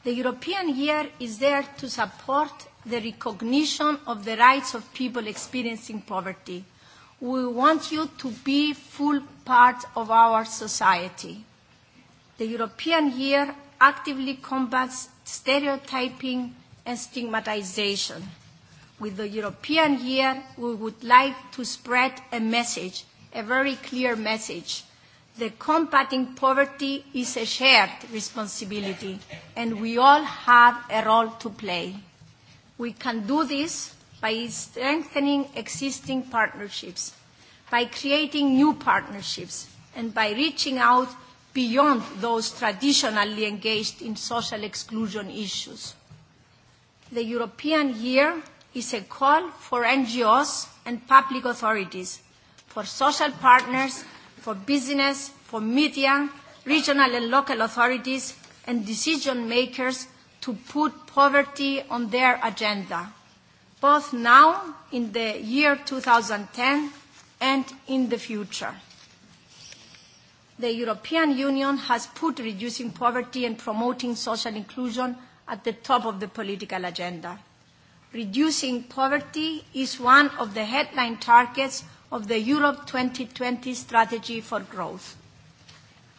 The European year is there to support the recognition of the rights of people experiencing poverty. We want you to be full part of our society. The European year actively combats stereotyping and stigmatization with the European year, we would like to spread a message, a very clear message. The combating poverty is a shared responsibility, and we all have a role to play. We can do this by strengthening existing partnerships, by creating new partnerships, and by reaching out beyond those traditionally engaged in social exclusion issues. The European year is a call for NGOs and public authorities, for social partners, for business, for media, regional and local authorities and decision makers to put poverty on their agenda, both now in the year 2010 and in the future. The European Union has put reducing poverty and promoting social inclusion at the top of the political agenda reducing poverty is one of the headline targets of the Europe 2020 strategy for growth.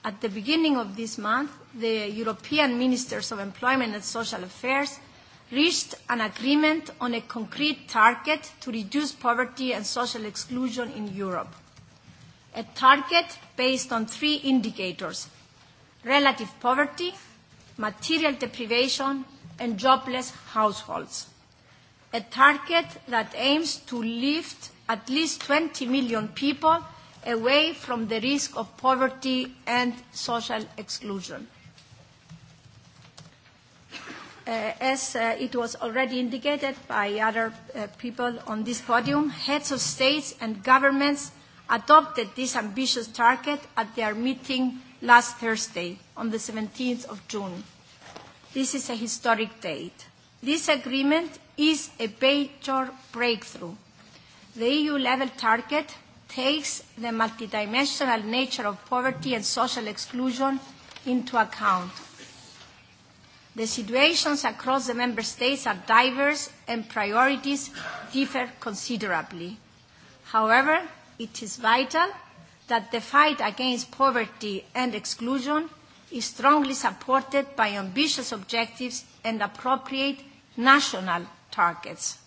At the beginning of this month, the European Ministers of Employment and Social Affairs reached an agreement on a concrete target to reduce poverty and social exclusion in Europe. A target based on three indicators, relative poverty, material deprivation, and jobless households a target that aims to lift at least 20 million people away from the risk of poverty and social exclusion. Uh, as uh, it was already indicated by other uh, people on this podium, heads of states and governments adopted this ambitious target at their meeting last Thursday, on the 17th of June. This is a historic date. This agreement is a major breakthrough. The EU-level target takes the multidimensional nature of poverty and social exclusion into account. The situations across the Member States are diverse and priorities differ considerably. However, it is vital that the fight against poverty and exclusion is strongly supported by ambitious objectives and appropriate national targets.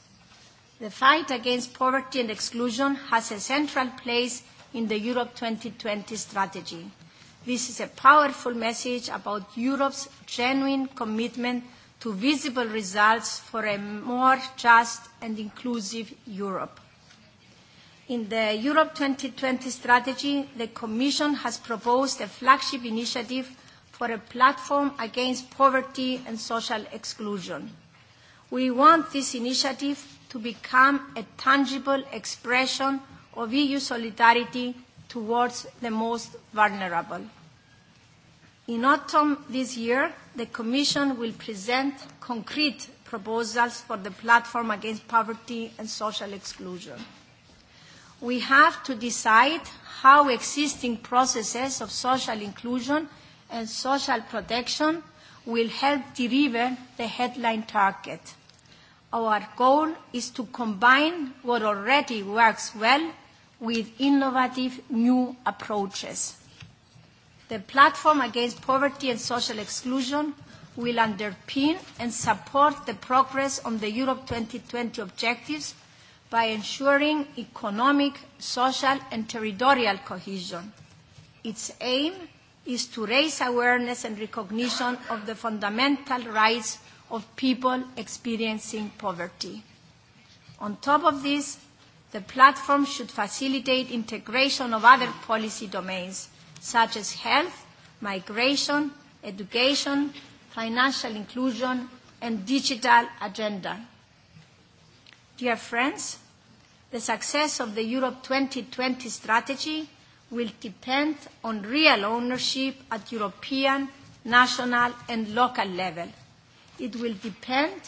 The fight against poverty and exclusion has a central place in the Europe 2020 strategy. This is a powerful message about Europe's genuine commitment to visible results for a more just and inclusive Europe. In the Europe 2020 strategy, the Commission has proposed a flagship initiative for a platform against poverty and social exclusion. We want this initiative to become a tangible expression of EU solidarity towards the most vulnerable. In autumn this year, the Commission will present concrete proposals for the platform against poverty and social exclusion. We have to decide how existing processes of social inclusion and social protection will help deliver the headline target our goal is to combine what already works well with innovative new approaches. The platform against poverty and social exclusion will underpin and support the progress on the Europe 2020 objectives by ensuring economic, social and territorial cohesion. Its aim is to raise awareness and recognition of the fundamental rights of people experiencing poverty. On top of this, the platform should facilitate integration of other policy domains, such as health, migration, education, financial inclusion, and digital agenda. Dear friends, the success of the Europe 2020 strategy will depend on real ownership at European, national, and local level – it will depend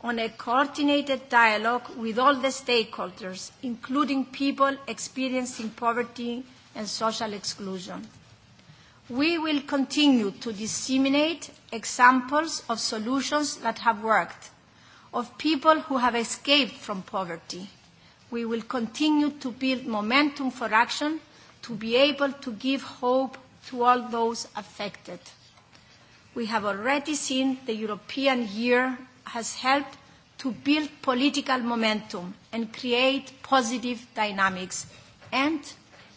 on a coordinated dialogue with all the stakeholders, including people experiencing poverty and social exclusion. We will continue to disseminate examples of solutions that have worked, of people who have escaped from poverty. We will continue to build momentum for action to be able to give hope to all those affected. We have already seen the European year has helped to build political momentum and create positive dynamics, and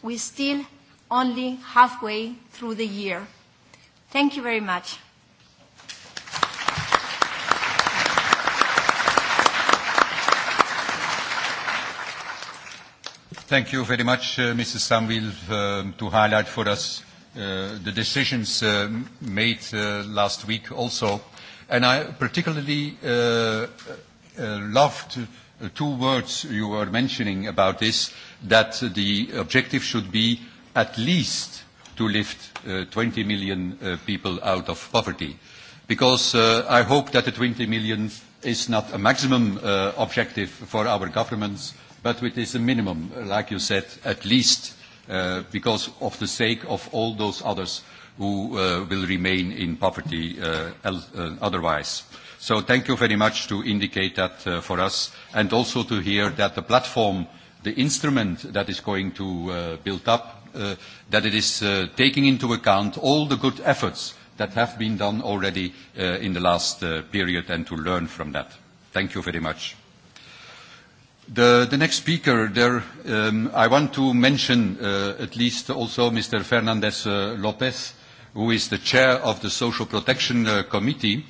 we're still only halfway through the year. Thank you very much. Thank you very much, uh, Mrs. Samwil, uh, to highlight for us Uh, the decisions uh, made uh, last week also. And I particularly loved two words you were mentioning about this, that the objective should be at least to lift 20 million people out of poverty. Because uh, I hope that the 20 million is not a maximum uh, objective for our governments, but it is a minimum, like you said, at least Uh, because of the sake of all those others who uh, will remain in poverty uh, uh, otherwise. So thank you very much to indicate that uh, for us and also to hear that the platform, the instrument that is going to uh, build up, uh, that it is uh, taking into account all the good efforts that have been done already uh, in the last uh, period and to learn from that. Thank you very much. The, next speaker there, um, I want to mention uh, at least also Mr. Fernandez uh, Lopez, who is the chair of the Social Protection uh, Committee,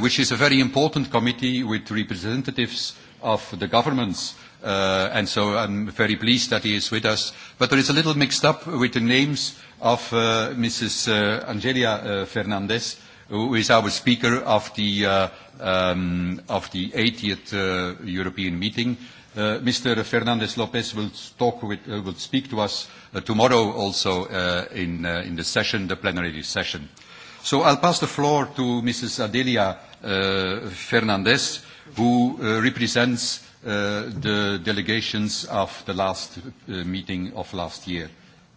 which is a very important committee with representatives of the governments. and so I'm very pleased that he is with us. But there is a little mixed up with the names of Mrs. Angelia Fernandez, who is our speaker of the, 80th um, European meeting Uh, Mr. Fernandez Lopez will talk with, uh, will speak to us uh, tomorrow also uh, in, uh, in the session, the plenary session. So I'll pass the floor to Mrs. Adelia uh, Fernandez, who uh, represents uh, the delegations of the last uh, meeting of last year.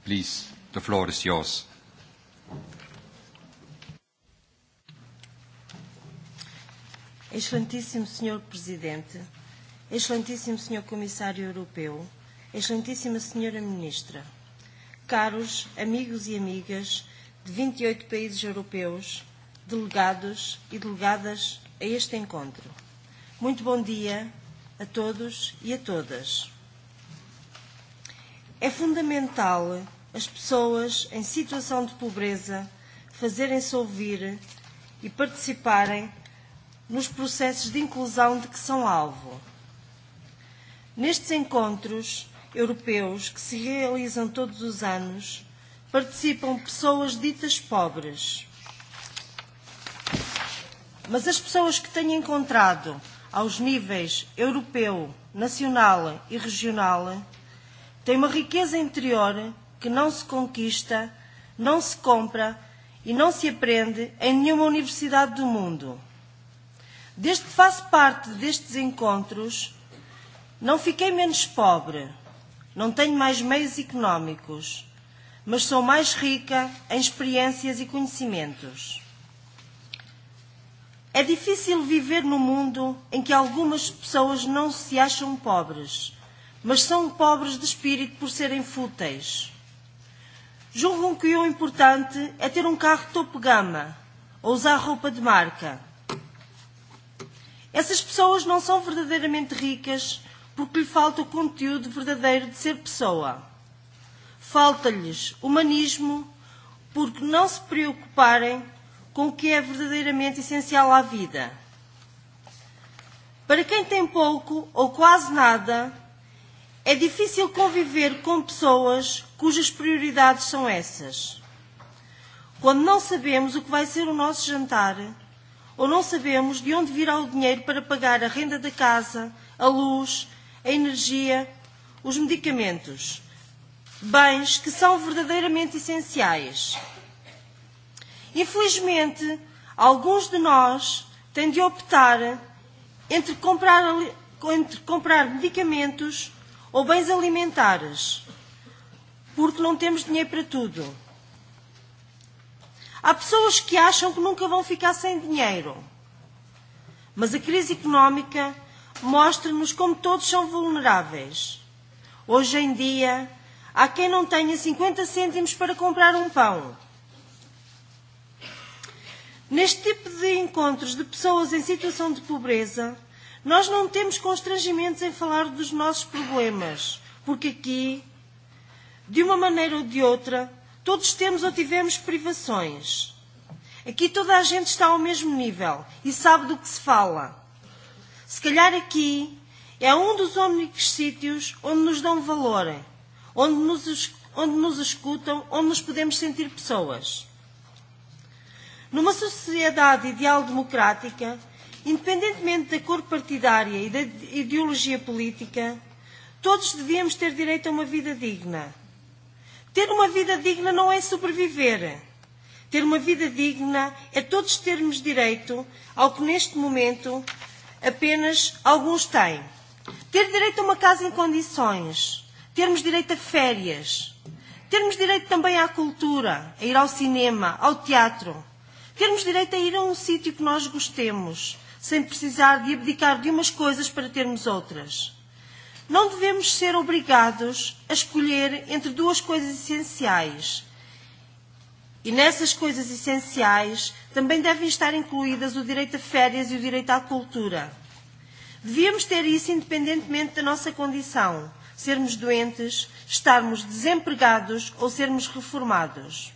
Please, the floor is yours. Excelentíssimo Presidente, Excelentíssimo Senhor Comissário Europeu, Excelentíssima Senhora Ministra, caros amigos e amigas de 28 e países europeus, delegados e delegadas a este encontro. Muito bom dia a todos e a todas. É fundamental as pessoas em situação de pobreza fazerem-se ouvir e participarem nos processos de inclusão de que são alvo. Nestes encontros europeus que se realizam todos os anos, participam pessoas ditas pobres. Mas as pessoas que têm encontrado aos níveis europeu, nacional e regional têm uma riqueza interior que não se conquista, não se compra e não se aprende em nenhuma universidade do mundo. Desde que faço parte destes encontros, Não fiquei menos pobre, não tenho mais meios económicos, mas sou mais rica em experiências e conhecimentos. É difícil viver num mundo em que algumas pessoas não se acham pobres, mas são pobres de espírito por serem fúteis. Julgam um que o importante é ter um carro topo gama ou usar roupa de marca. Essas pessoas não são verdadeiramente ricas porque lhe falta o conteúdo verdadeiro de ser pessoa. Falta-lhes humanismo, porque não se preocuparem com o que é verdadeiramente essencial à vida. Para quem tem pouco ou quase nada, é difícil conviver com pessoas cujas prioridades são essas. Quando não sabemos o que vai ser o nosso jantar, ou não sabemos de onde virá o dinheiro para pagar a renda da casa, a luz, a energia, os medicamentos, bens que são verdadeiramente essenciais. Infelizmente, alguns de nós têm de optar entre comprar, entre comprar medicamentos ou bens alimentares, porque não temos dinheiro para tudo. Há pessoas que acham que nunca vão ficar sem dinheiro, mas a crise económica mostra-nos como todos são vulneráveis. Hoje em dia, há quem não tenha 50 cêntimos para comprar um pão. Neste tipo de encontros de pessoas em situação de pobreza, nós não temos constrangimentos em falar dos nossos problemas, porque aqui, de uma maneira ou de outra, todos temos ou tivemos privações. Aqui toda a gente está ao mesmo nível e sabe do que se fala. Se calhar aqui é um dos únicos sítios onde nos dão valor, onde nos, onde nos escutam, onde nos podemos sentir pessoas. Numa sociedade ideal democrática, independentemente da cor partidária e da ideologia política, todos devíamos ter direito a uma vida digna. Ter uma vida digna não é sobreviver. Ter uma vida digna é todos termos direito ao que neste momento apenas alguns têm. Ter direito a uma casa em condições, termos direito a férias, termos direito também à cultura, a ir ao cinema, ao teatro, termos direito a ir a um sítio que nós gostemos, sem precisar de abdicar de umas coisas para termos outras. Não devemos ser obrigados a escolher entre duas coisas essenciais. E nessas coisas essenciais também devem estar incluídas o direito a férias e o direito à cultura. Devíamos ter isso independentemente da nossa condição, sermos doentes, estarmos desempregados ou sermos reformados.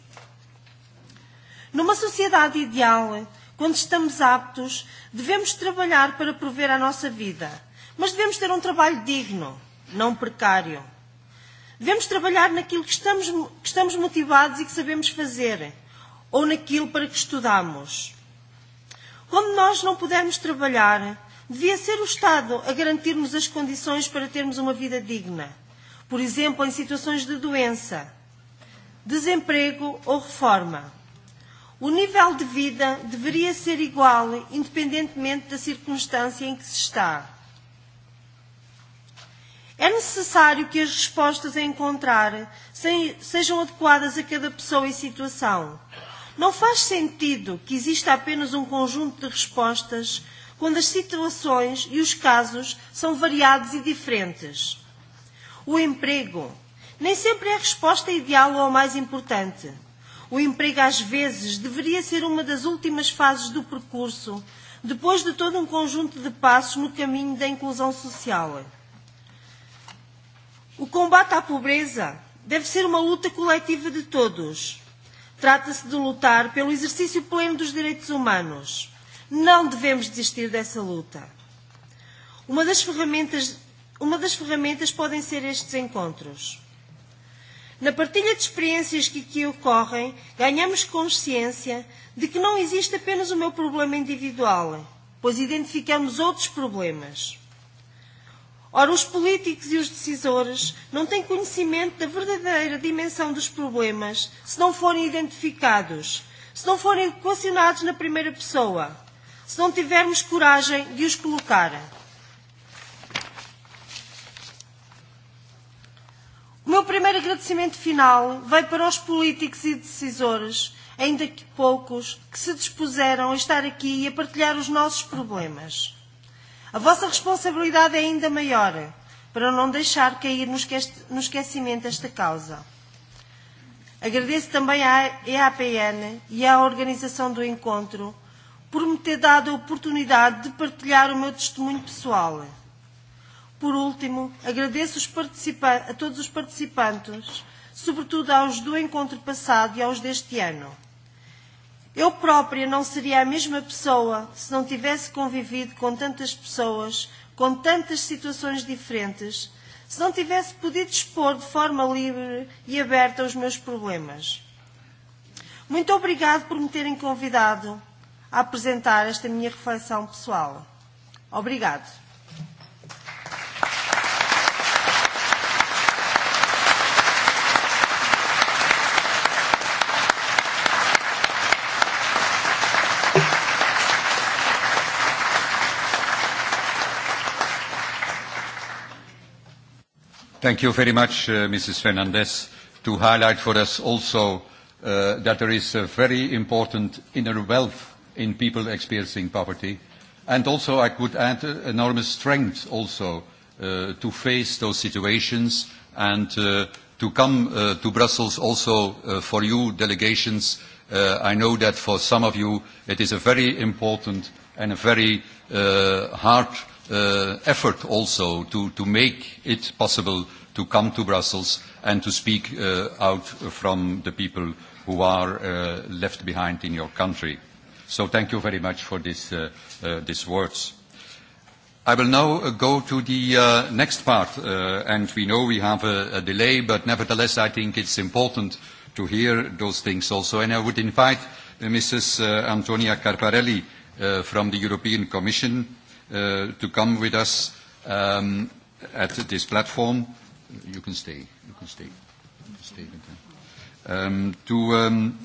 Numa sociedade ideal, quando estamos aptos, devemos trabalhar para prover a nossa vida, mas devemos ter um trabalho digno, não precário. Devemos trabalhar naquilo que estamos, que estamos motivados e que sabemos fazer, ou naquilo para que estudamos. Quando nós não pudermos trabalhar, devia ser o Estado a garantir-nos as condições para termos uma vida digna, por exemplo, em situações de doença, desemprego ou reforma. O nível de vida deveria ser igual, independentemente da circunstância em que se está. É necessário que as respostas a encontrar sejam adequadas a cada pessoa e situação, Não faz sentido que exista apenas um conjunto de respostas quando as situações e os casos são variados e diferentes. O emprego nem sempre é a resposta ideal ou a mais importante. O emprego, às vezes, deveria ser uma das últimas fases do percurso, depois de todo um conjunto de passos no caminho da inclusão social. O combate à pobreza deve ser uma luta coletiva de todos, Trata-se de lutar pelo exercício pleno dos direitos humanos. Não devemos desistir dessa luta. Uma das ferramentas, uma das ferramentas podem ser estes encontros. Na partilha de experiências que aqui ocorrem, ganhamos consciência de que não existe apenas o meu problema individual, pois identificamos outros problemas. Ora, os políticos e os decisores não têm conhecimento da verdadeira dimensão dos problemas se não forem identificados, se não forem equacionados na primeira pessoa, se não tivermos coragem de os colocar. O meu primeiro agradecimento final vai para os políticos e decisores, ainda que poucos, que se dispuseram a estar aqui e a partilhar os nossos problemas. A vossa responsabilidade é ainda maior para não deixar cair no, no esquecimento esta causa. Agradeço também à EAPN e à organização do encontro por me ter dado a oportunidade de partilhar o meu testemunho pessoal. Por último, agradeço os a todos os participantes, sobretudo aos do encontro passado e aos deste ano. Eu própria não seria a mesma pessoa se não tivesse convivido com tantas pessoas, com tantas situações diferentes, se não tivesse podido expor de forma livre e aberta os meus problemas. Muito obrigado por me terem convidado a apresentar esta minha reflexão pessoal. Obrigado. Thank you very much, uh, Mrs. Fernandez, to highlight for us also uh, that there is a very important inner wealth in people experiencing poverty. And also, I could add uh, enormous strength also uh, to face those situations and uh, to come uh, to Brussels also uh, for you delegations. Uh, I know that for some of you it is a very important and a very uh, hard uh, effort also to, to make it possible to come to Brussels and to speak uh, out from the people who are uh, left behind in your country. So thank you very much for this, uh, uh, these words. I will now uh, go to the uh, next part, uh, and we know we have a, a delay, but nevertheless I think it's important to hear those things also. And I would invite uh, Mrs. Uh, Antonia Carparelli uh, from the European Commission uh, to come with us um, at this platform. You can stay. You can stay. You can stay um, to um,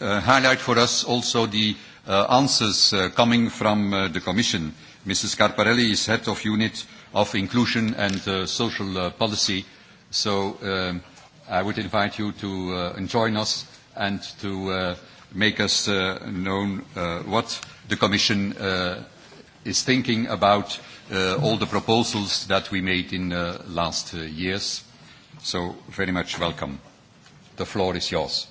uh, highlight for us also the uh, answers uh, coming from uh, the Commission. Mrs. Carparelli is head of unit of inclusion and uh, social uh, policy. So um, I would invite you to uh, join us and to uh, make us uh, known uh, what the Commission uh, is thinking about uh, all the proposals that we made in the uh, last uh, years. So very much welcome. The floor is yours.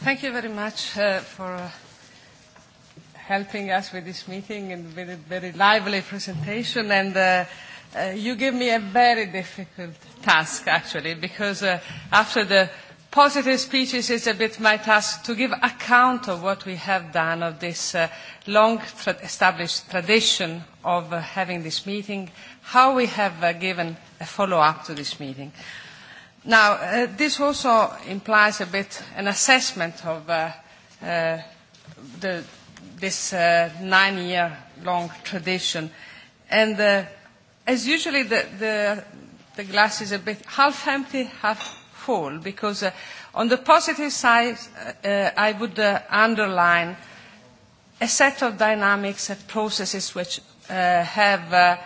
Thank you very much uh, for uh, helping us with this meeting and with a very lively presentation. And uh, uh, you give me a very difficult task, actually, because uh, after the positive speeches is a bit my task to give account of what we have done of this uh, long tra established tradition of uh, having this meeting, how we have uh, given a follow-up to this meeting. Now, uh, this also implies a bit an assessment of uh, uh, the, this uh, nine-year-long tradition. And uh, as usually, the, the, the glass is a bit half empty, half fall because uh, on the positive side, uh, uh, I would uh, underline a set of dynamics and processes which uh, have uh,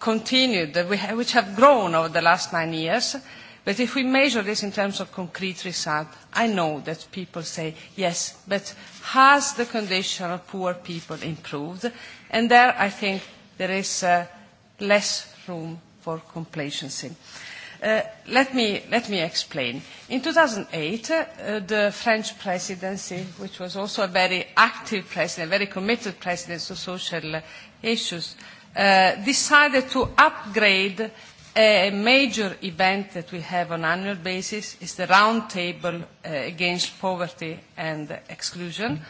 continued, which have grown over the last nine years. But if we measure this in terms of concrete result, I know that people say, yes, but has the condition of poor people improved? And there I think there is uh, less room for complacency. Uh, Uh, let, me, let me explain. In 2008, uh, the French presidency, which was also a very active President, a very committed President to social issues, uh, decided to upgrade a major event that we have on an annual basis is the round table uh, against poverty and exclusion.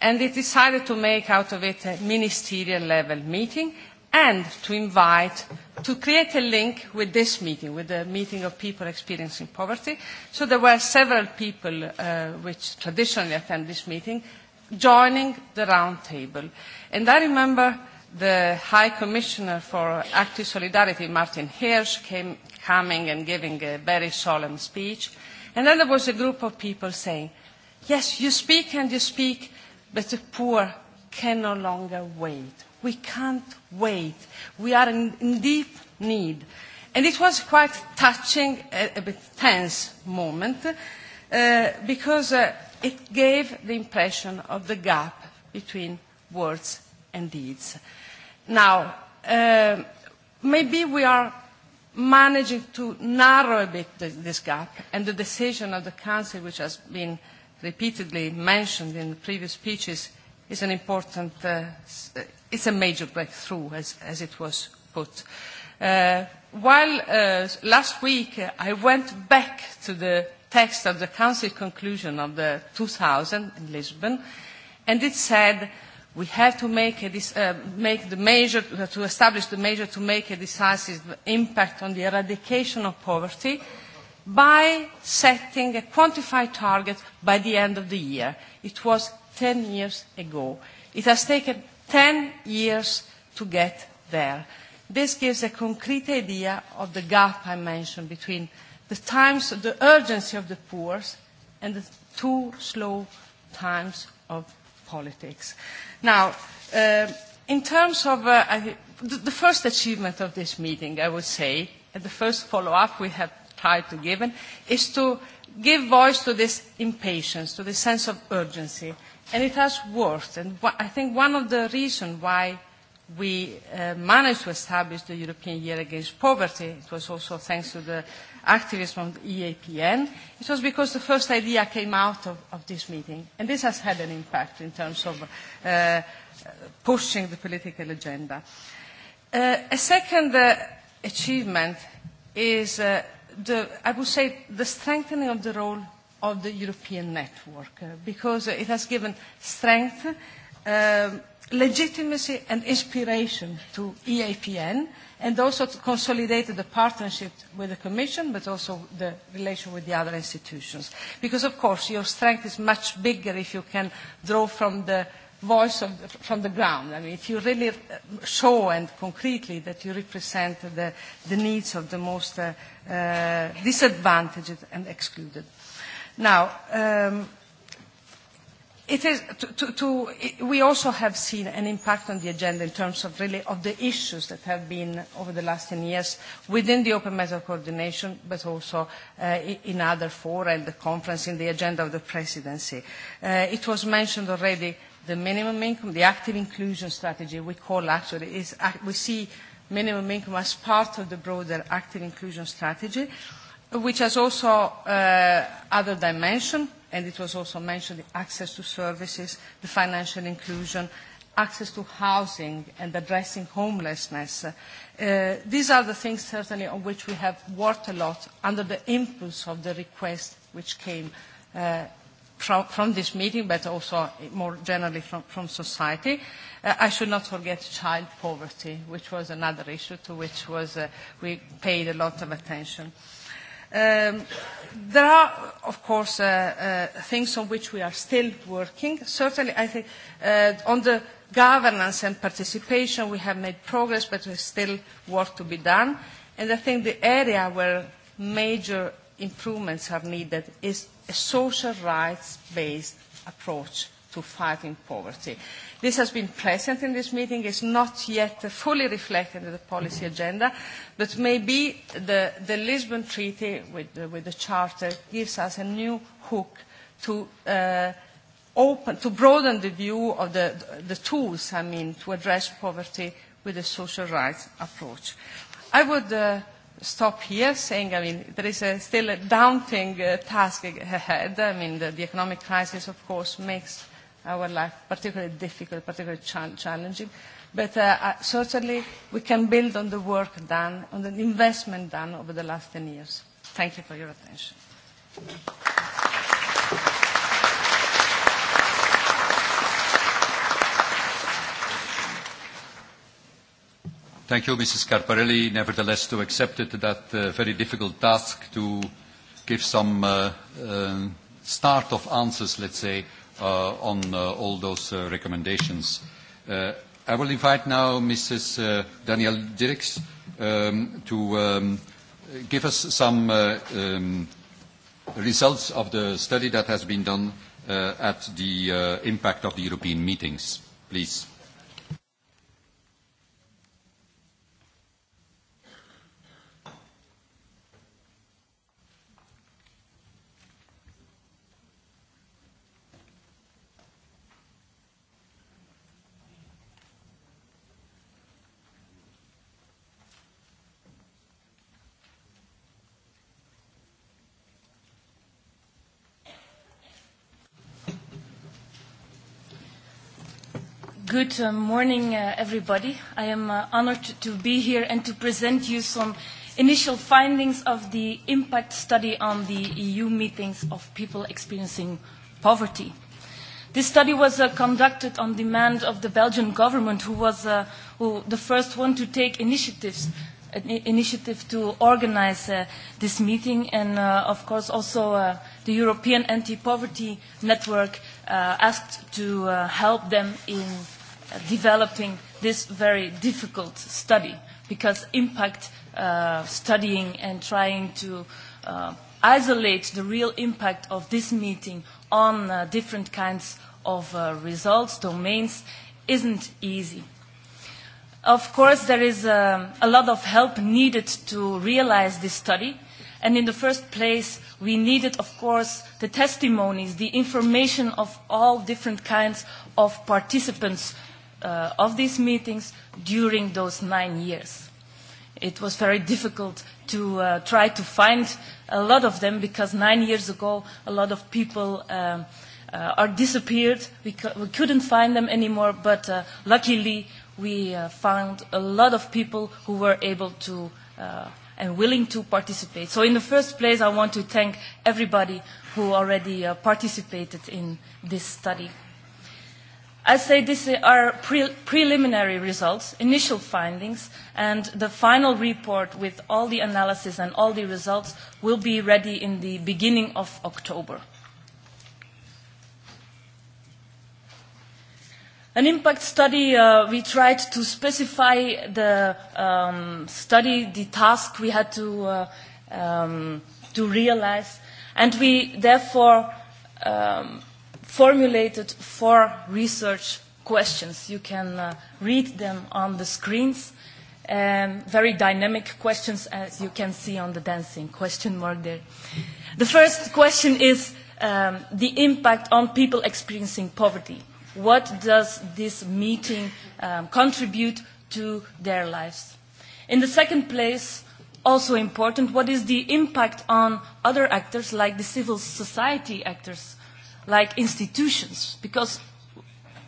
And it decided to make out of it a ministerial level meeting and to invite to create a link with this meeting, with the meeting of people experiencing poverty. So there were several people uh, which traditionally attend this meeting joining the round table. And I remember the High Commissioner for Active Solidarity, Martin Hirsch, came, coming and giving a very solemn speech. And then there was a group of people saying, yes, you speak and you speak, but the poor can no longer wait We can't wait. We are in, in deep need. And it was quite touching, a, a bit tense moment, uh, because uh, it gave the impression of the gap between words and deeds. Now, uh, maybe we are managing to narrow a bit the, this gap, and the decision of the Council, which has been repeatedly mentioned in the previous speeches, is an important, uh, uh, it's a major breakthrough as, as it was put. Uh, while uh, last week uh, I went back to the text of the Council conclusion of the 2000 in Lisbon, and it said we have to make, a, uh, make the measure, to establish the measure to make a decisive impact on the eradication of poverty by setting a quantified target by the end of the year. It was 10 years ago. It has taken 10 years to get there. This gives a concrete idea of the gap I mentioned between the times, the urgency of the poor and the too slow times of politics. Now, uh, in terms of uh, I, the, the first achievement of this meeting, I would say, and the first follow-up we have tried to give, is to give voice to this impatience, to this sense of urgency and it has worked. And wh- I think one of the reasons why we uh, managed to establish the European Year Against Poverty, it was also thanks to the activism of the EAPN, it was because the first idea came out of, of this meeting. And this has had an impact in terms of uh, pushing the political agenda. Uh, a second uh, achievement is, uh, the, I would say, the strengthening of the role of the European network uh, because it has given strength, uh, legitimacy and inspiration to EAPN and also to consolidated the partnership with the Commission but also the relation with the other institutions. Because of course your strength is much bigger if you can draw from the voice of the, from the ground. I mean, if you really uh, show and concretely that you represent the, the needs of the most uh, uh, disadvantaged and excluded. Now, um, it is to, to, to, it, we also have seen an impact on the agenda in terms of really of the issues that have been over the last 10 years within the open method coordination, but also uh, in other fora, in the conference, in the agenda of the presidency. Uh, it was mentioned already the minimum income, the active inclusion strategy we call actually, is, uh, we see minimum income as part of the broader active inclusion strategy. Uh, which has also uh, other dimension, and it was also mentioned, the access to services, the financial inclusion, access to housing and addressing homelessness. Uh, these are the things certainly on which we have worked a lot under the impulse of the request which came uh, from, from this meeting, but also more generally from, from society. Uh, I should not forget child poverty, which was another issue to which was, uh, we paid a lot of attention. Uh, Um, there are, of course, uh, uh, things on which we are still working. Certainly, I think uh, on the governance and participation, we have made progress, but there's still work to be done. And I think the area where major improvements are needed is a social rights-based approach to fighting poverty. This has been present in this meeting. It's not yet fully reflected in the policy agenda, but maybe the, the Lisbon Treaty with the, with the Charter gives us a new hook to uh, open, to broaden the view of the, the tools, I mean, to address poverty with a social rights approach. I would uh, stop here saying, I mean, there is a, still a daunting uh, task ahead. I mean, the, the economic crisis, of course, makes our life particularly difficult, particularly ch challenging. But uh, uh, certainly we can build on the work done, on the investment done over the last 10 years. Thank you for your attention. Thank you, Mrs. Carparelli, nevertheless, to accept it, that uh, very difficult task to give some uh, uh, start of answers, let's say, Uh, on uh, all those uh, recommendations. I will invite now Mrs. Danielle Dirks um, to um, give us some um, results of the study that has been done at the impact of the European meetings. Please. Good uh, morning, uh, everybody. I am uh, honored to be here and to present you some initial findings of the impact study on the EU meetings of people experiencing poverty. This study was uh, conducted on demand of the Belgian government, who was uh, who the first one to take initiatives initiative to organize uh, this meeting and uh, of course also uh, the European Anti-Poverty Network uh, asked to uh, help them in developing this very difficult study because impact uh, studying and trying to uh, isolate the real impact of this meeting on uh, different kinds of uh, results, domains, isn't easy. Of course, there is um, a lot of help needed to realize this study. And in the first place, we needed, of course, the testimonies, the information of all different kinds of participants uh, of these meetings during those nine years. It was very difficult to uh, try to find a lot of them because nine years ago a lot of people um, uh, are disappeared. We, co we couldn't find them anymore, but uh, luckily we uh, found a lot of people who were able to uh, and willing to participate. So in the first place, I want to thank everybody who already uh, participated in this study. I say these are pre preliminary results, initial findings, and the final report with all the analysis and all the results will be ready in the beginning of October. An impact study, uh, we tried to specify the um, study, the task we had to, uh, um, to realize, and we therefore um, formulated four research questions. You can uh, read them on the screens. Um, very dynamic questions, as you can see on the dancing question mark there. The first question is um, the impact on people experiencing poverty. What does this meeting um, contribute to their lives? In the second place, also important, what is the impact on other actors like the civil society actors like institutions, because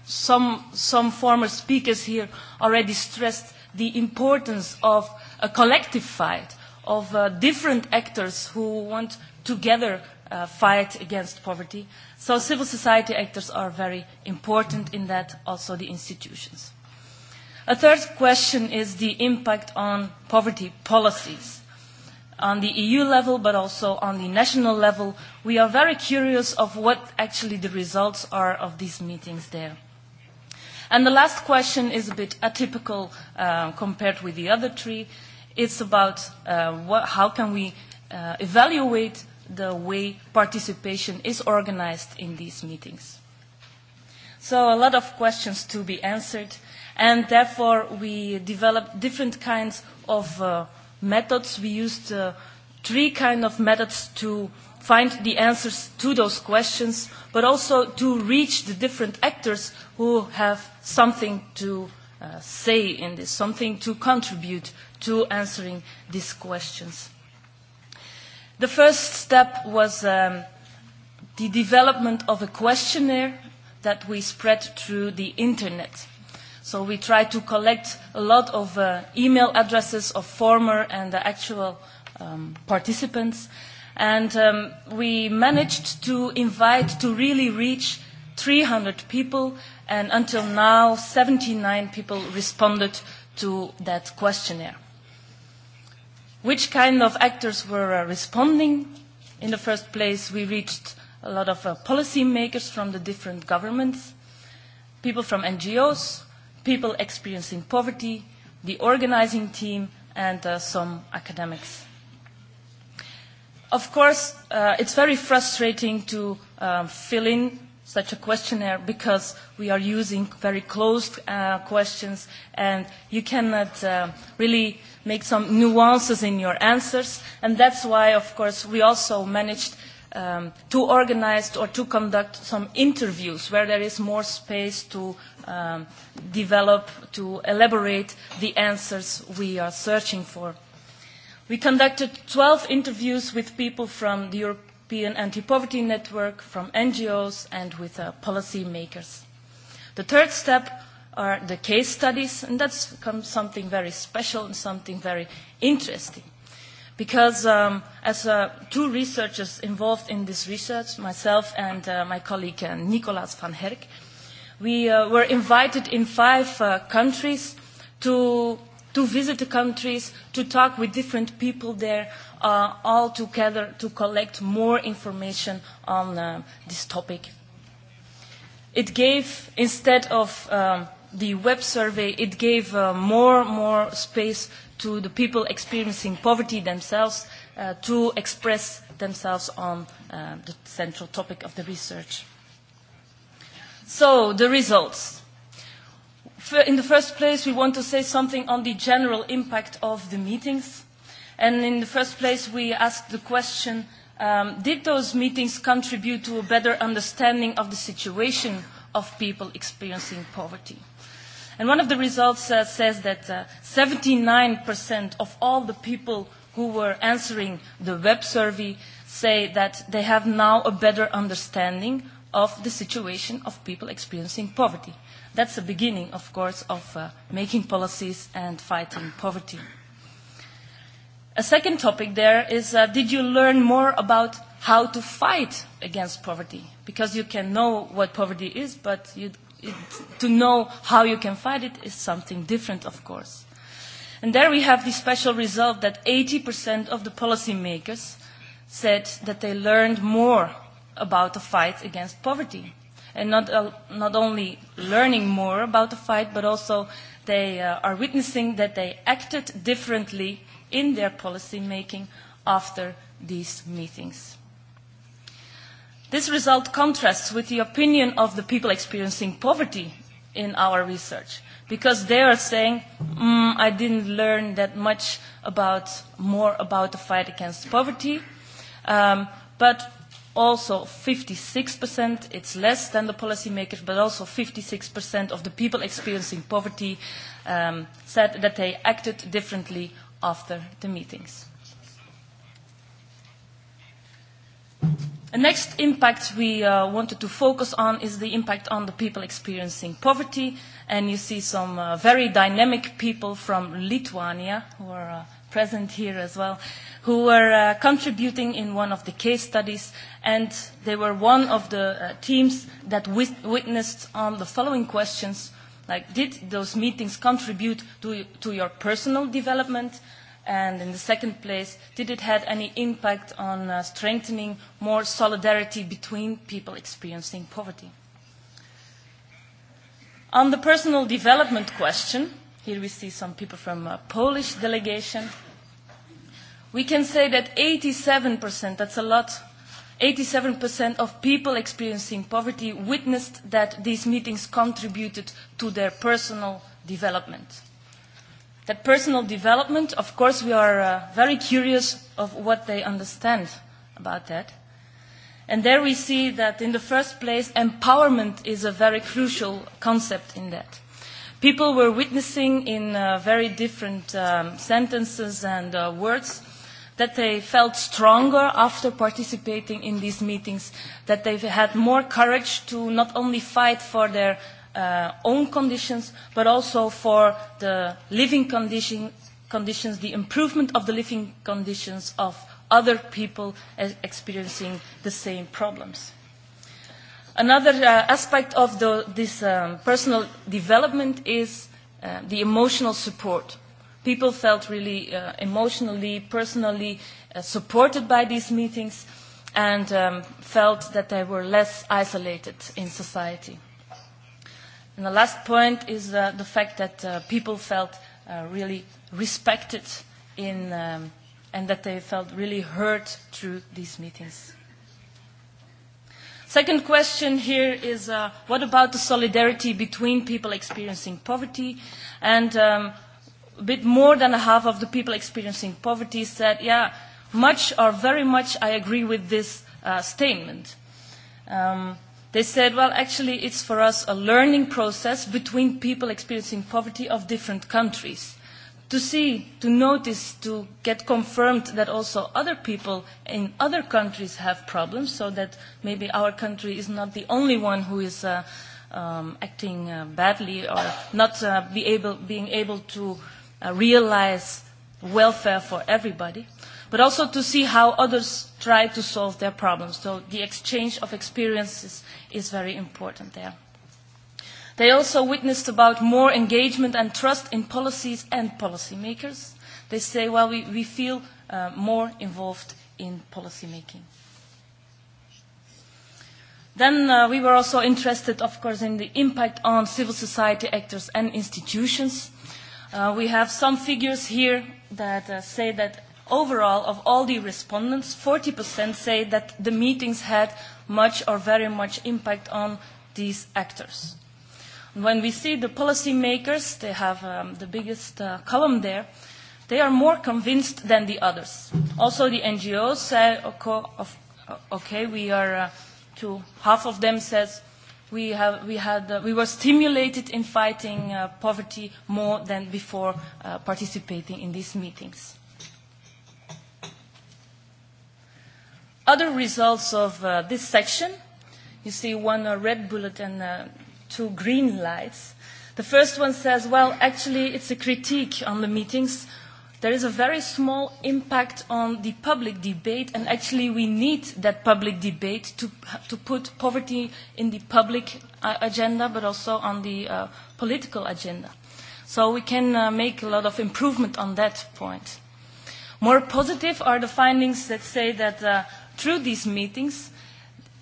some, some former speakers here already stressed the importance of a collective fight, of uh, different actors who want together uh, fight against poverty. So civil society actors are very important in that, also the institutions. A third question is the impact on poverty policies on the EU level, but also on the national level. We are very curious of what actually the results are of these meetings there. And the last question is a bit atypical uh, compared with the other three. It's about uh, what, how can we uh, evaluate the way participation is organized in these meetings. So a lot of questions to be answered, and therefore we developed different kinds of uh, methods. We used uh, three kind of methods to find the answers to those questions, but also to reach the different actors who have something to uh, say in this, something to contribute to answering these questions. The first step was um, the development of a questionnaire that we spread through the internet. So we try to collect a lot of uh, email addresses of former and uh, actual um, participants. And um, we managed to invite to really reach 300 people. And until now, 79 people responded to that questionnaire. Which kind of actors were uh, responding? In the first place, we reached a lot of uh, policy makers from the different governments, people from NGOs, people experiencing poverty, the organizing team, and uh, some academics. Of course, uh, it's very frustrating to um, fill in such a questionnaire because we are using very closed uh, questions and you cannot uh, really make some nuances in your answers. And that's why, of course, we also managed um, to organize or to conduct some interviews where there is more space to um, develop, to elaborate the answers we are searching for. We conducted 12 interviews with people from the European Anti-Poverty Network, from NGOs, and with uh, policy makers. The third step are the case studies, and that's something very special and something very interesting because um, as uh, two researchers involved in this research, myself and uh, my colleague uh, Nicolaas van Herk, we uh, were invited in five uh, countries to, to visit the countries, to talk with different people there, uh, all together to collect more information on uh, this topic. It gave, instead of um, the web survey, it gave uh, more more space to the people experiencing poverty themselves uh, to express themselves on uh, the central topic of the research. So, the results. In the first place, we want to say something on the general impact of the meetings. And in the first place, we asked the question, um, did those meetings contribute to a better understanding of the situation of people experiencing poverty? And one of the results uh, says that uh, 79% of all the people who were answering the web survey say that they have now a better understanding of the situation of people experiencing poverty. That's the beginning, of course, of uh, making policies and fighting poverty. A second topic there is, uh, did you learn more about how to fight against poverty? Because you can know what poverty is, but you It to know how you can fight it is something different, of course. And there we have the special result that 80% of the policymakers said that they learned more about the fight against poverty. And not, uh, not only learning more about the fight, but also they uh, are witnessing that they acted differently in their policy making after these meetings. This result contrasts with the opinion of the people experiencing poverty in our research because they are saying, mm, I didn't learn that much about, more about the fight against poverty. Um, but also 56%, it's less than the policymakers, but also 56% of the people experiencing poverty um, said that they acted differently after the meetings. The next impact we uh, wanted to focus on is the impact on the people experiencing poverty. And you see some uh, very dynamic people from Lithuania who are uh, present here as well, who were uh, contributing in one of the case studies. And they were one of the uh, teams that wit- witnessed on the following questions, like did those meetings contribute to, to your personal development? And in the second place, did it have any impact on uh, strengthening more solidarity between people experiencing poverty? On the personal development question, here we see some people from a Polish delegation. We can say that 87%, that's a lot, 87% of people experiencing poverty witnessed that these meetings contributed to their personal development that personal development, of course, we are uh, very curious of what they understand about that. And there we see that in the first place, empowerment is a very crucial concept in that. People were witnessing in uh, very different um, sentences and uh, words that they felt stronger after participating in these meetings, that they had more courage to not only fight for their uh, own conditions, but also for the living condition, conditions, the improvement of the living conditions of other people e-, experiencing the same problems. Another uh, aspect of the, this um, personal development is uh, the emotional support. People felt really uh, emotionally, personally uh, supported by these meetings and um, felt that they were less isolated in society. And the last point is uh, the fact that uh, people felt uh, really respected in, um, and that they felt really heard through these meetings. Second question here is uh, what about the solidarity between people experiencing poverty? And um, a bit more than a half of the people experiencing poverty said, yeah, much or very much I agree with this uh, statement. Um, They said, well, actually, it's for us a learning process between people experiencing poverty of different countries to see, to notice, to get confirmed that also other people in other countries have problems, so that maybe our country is not the only one who is uh, um, acting uh, badly or not uh, be able, being able to uh, realize welfare for everybody but also to see how others try to solve their problems. So the exchange of experiences is very important there. They also witnessed about more engagement and trust in policies and policymakers. They say, well, we, we feel uh, more involved in policymaking. Then uh, we were also interested, of course, in the impact on civil society actors and institutions. Uh, we have some figures here that uh, say that Overall, of all the respondents, 40% say that the meetings had much or very much impact on these actors. When we see the policymakers, they have um, the biggest uh, column there, they are more convinced than the others. Also, the NGOs say, okay, of, okay we are, uh, to half of them says, we, have, we, had, uh, we were stimulated in fighting uh, poverty more than before uh, participating in these meetings. Other results of uh, this section, you see one uh, red bullet and uh, two green lights. The first one says, well, actually, it's a critique on the meetings. There is a very small impact on the public debate, and actually we need that public debate to, to put poverty in the public uh, agenda, but also on the uh, political agenda. So we can uh, make a lot of improvement on that point. More positive are the findings that say that uh, through these meetings,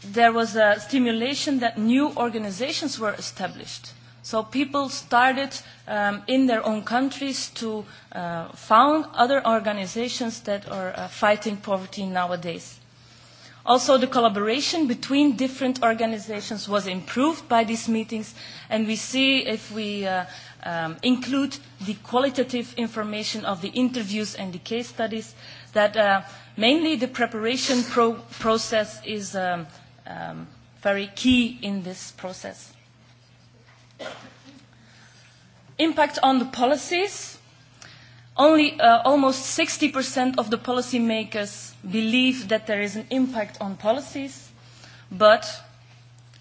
there was a stimulation that new organizations were established. So people started um, in their own countries to uh, found other organizations that are uh, fighting poverty nowadays. Also, the collaboration between different organizations was improved by these meetings, and we see if we uh, um, include the qualitative information of the interviews and the case studies that uh, Mainly the preparation pro process is um, um, very key in this process. Impact on the policies. Only uh, almost 60% of the policymakers believe that there is an impact on policies, but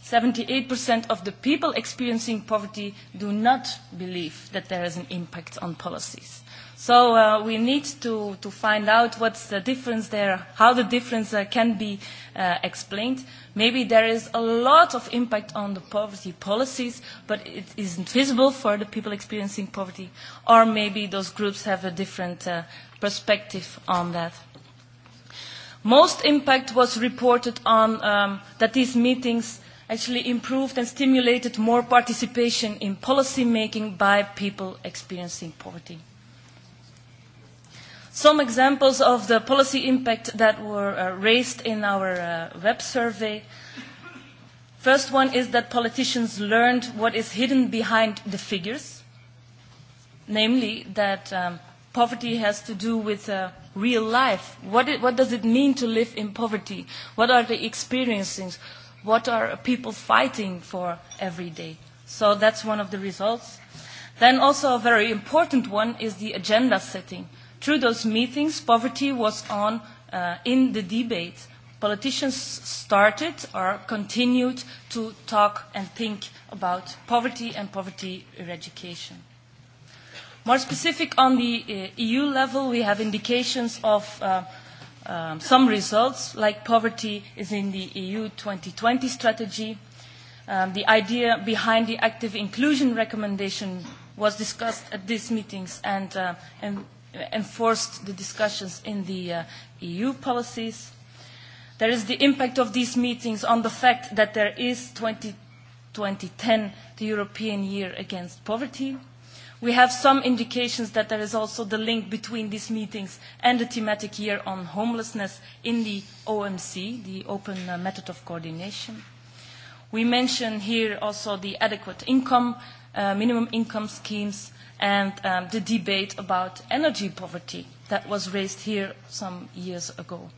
78% of the people experiencing poverty do not believe that there is an impact on policies. So uh, we need to, to find out what's the difference there, how the difference uh, can be uh, explained. Maybe there is a lot of impact on the poverty policies, but it isn't visible for the people experiencing poverty. Or maybe those groups have a different uh, perspective on that. Most impact was reported on um, that these meetings actually improved and stimulated more participation in policy making by people experiencing poverty. Some examples of the policy impact that were uh, raised in our uh, web survey. First one is that politicians learned what is hidden behind the figures, namely that um, poverty has to do with uh, real life. What, it, what does it mean to live in poverty? What are the experiences? What are people fighting for every day? So that's one of the results. Then also a very important one is the agenda setting. Through those meetings, poverty was on uh, in the debate. Politicians started or continued to talk and think about poverty and poverty eradication. More specific on the uh, EU level, we have indications of uh, um, some results, like poverty is in the EU 2020 strategy. Um, the idea behind the active inclusion recommendation was discussed at these meetings and, uh, and enforced the discussions in the uh, EU policies. There is the impact of these meetings on the fact that there is 20, 2010 the European Year Against Poverty. We have some indications that there is also the link between these meetings and the thematic year on homelessness in the OMC, the Open uh, Method of Coordination. We mention here also the adequate income, uh, minimum income schemes, and um, the debate about energy poverty that was raised here some years ago.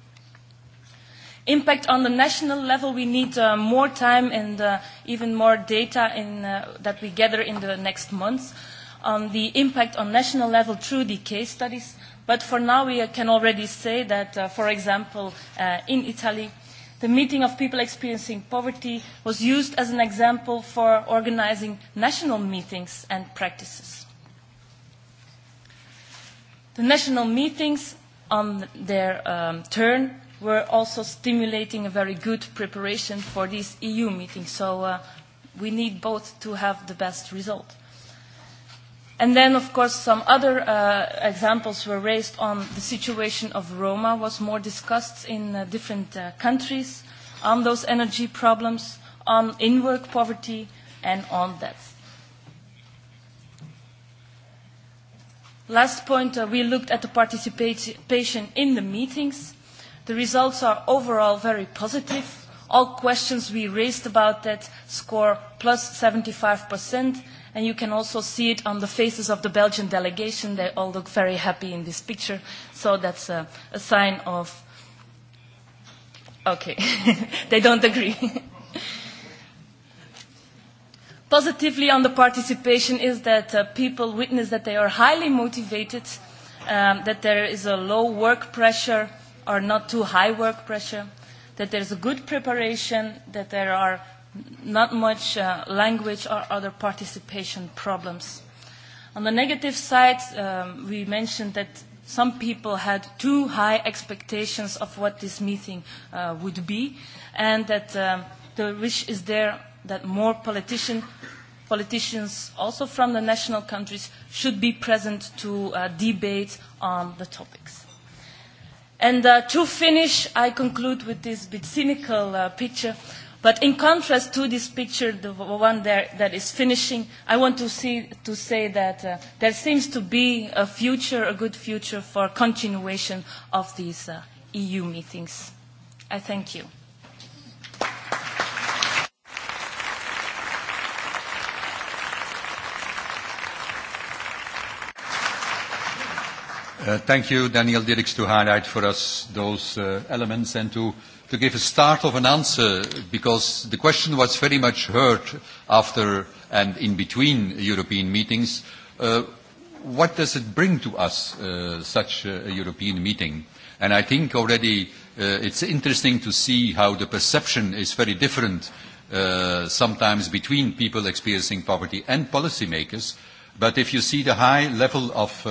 Impact on the national level, we need uh, more time and uh, even more data in, uh, that we gather in the next months on the impact on national level through the case studies. But for now, we can already say that, uh, for example, uh, in Italy, the meeting of people experiencing poverty was used as an example for organizing national meetings and practices. The national meetings on their um, turn were also stimulating a very good preparation for these EU meetings. So uh, we need both to have the best result. And then, of course, some other uh, examples were raised on the situation of Roma was more discussed in uh, different uh, countries, on those energy problems, on in-work poverty, and on that. Last point, uh, we looked at the participation in the meetings. The results are overall very positive. All questions we raised about that score plus 75%, and you can also see it on the faces of the Belgian delegation. They all look very happy in this picture, so that's a, a sign of... Okay, they don't agree. positively on the participation is that uh, people witness that they are highly motivated, um, that there is a low work pressure or not too high work pressure, that there's a good preparation, that there are not much uh, language or other participation problems. On the negative side, um, we mentioned that some people had too high expectations of what this meeting uh, would be, and that um, the wish is there that more politician, politicians, also from the national countries, should be present to uh, debate on the topics. And uh, to finish, I conclude with this bit cynical uh, picture. But in contrast to this picture, the one there that is finishing, I want to, see, to say that uh, there seems to be a future, a good future for continuation of these uh, EU meetings. I thank you. Uh, thank you, Daniel Dirks, to highlight for us those uh, elements and to, to give a start of an answer, because the question was very much heard after and in between European meetings. Uh, what does it bring to us, such a European meeting? And I think already it's interesting to see how the perception is very different sometimes between people experiencing poverty and policymakers. But if you see the high level of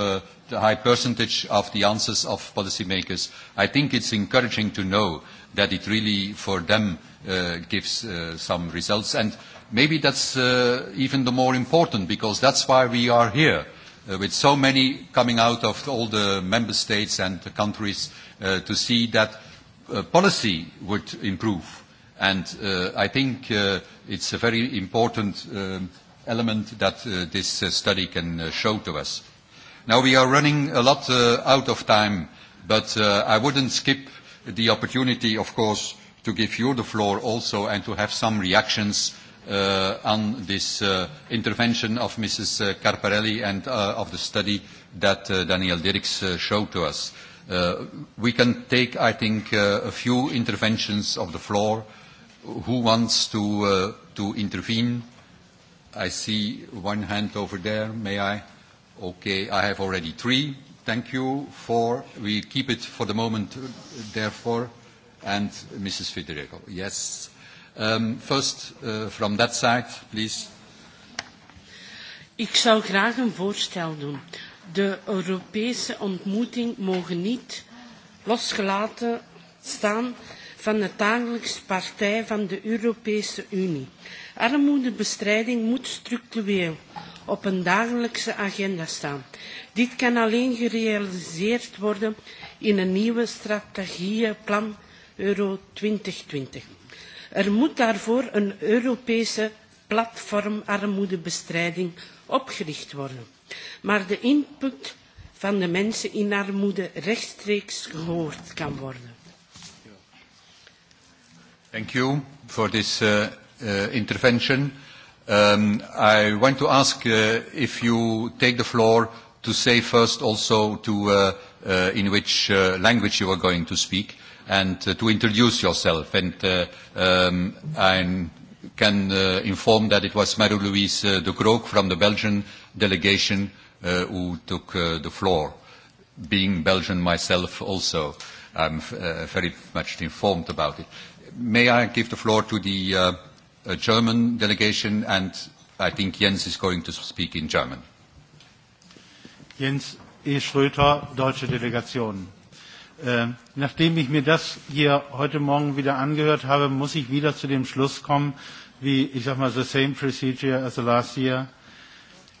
the high percentage of the answers of policymakers, I think it's encouraging to know that it really, for them, uh, gives uh, some results. And maybe that's uh, even the more important, because that's why we are here, uh, with so many coming out of all the member states and the countries, uh, to see that uh, policy would improve. And uh, I think uh, it's a very important um, element that uh, this uh, study can uh, show to us. Now, we are running a lot uh, out of time, but uh, I wouldn't skip the opportunity, of course, to give you the floor also and to have some reactions uh, on this uh, intervention of Mrs. Uh, Carparelli and uh, of the study that uh, Daniel Dirks uh, showed to us. Uh, we can take, I think, uh, a few interventions of the floor. Who wants to, uh, to intervene? I see one hand over there. May I? Okay, I have already three. Thank you. Four. We keep it for the moment, uh, therefore. And Mrs. Federico. Yes. Um, first, uh, from that side, please. Ik zou graag een voorstel doen. De Europese ontmoeting mogen niet losgelaten staan van het dagelijks partij van de Europese Unie. Armoedebestrijding moet structureel op een dagelijkse agenda staan. Dit kan alleen gerealiseerd worden in een nieuwe strategieplan Euro 2020. Er moet daarvoor een Europese platform armoedebestrijding opgericht worden. Maar de input van de mensen in armoede rechtstreeks gehoord kan worden. Thank you for this uh, uh, intervention. Um, I want to ask uh, if you take the floor to say first also to, uh, uh, in which uh, language you are going to speak and uh, to introduce yourself. And uh, um, I can uh, inform that it was Marie-Louise uh, de Croc from the Belgian delegation uh, who took uh, the floor, being Belgian myself also. I'm uh, very much informed about it. May I give the floor to the uh, a German delegation, and I think Jens is going to speak in German. Jens E. Schröter, deutsche Delegation. Ähm, nachdem ich mir das hier heute Morgen wieder angehört habe, muss ich wieder zu dem Schluss kommen, wie ich sag mal, the same procedure as the last year.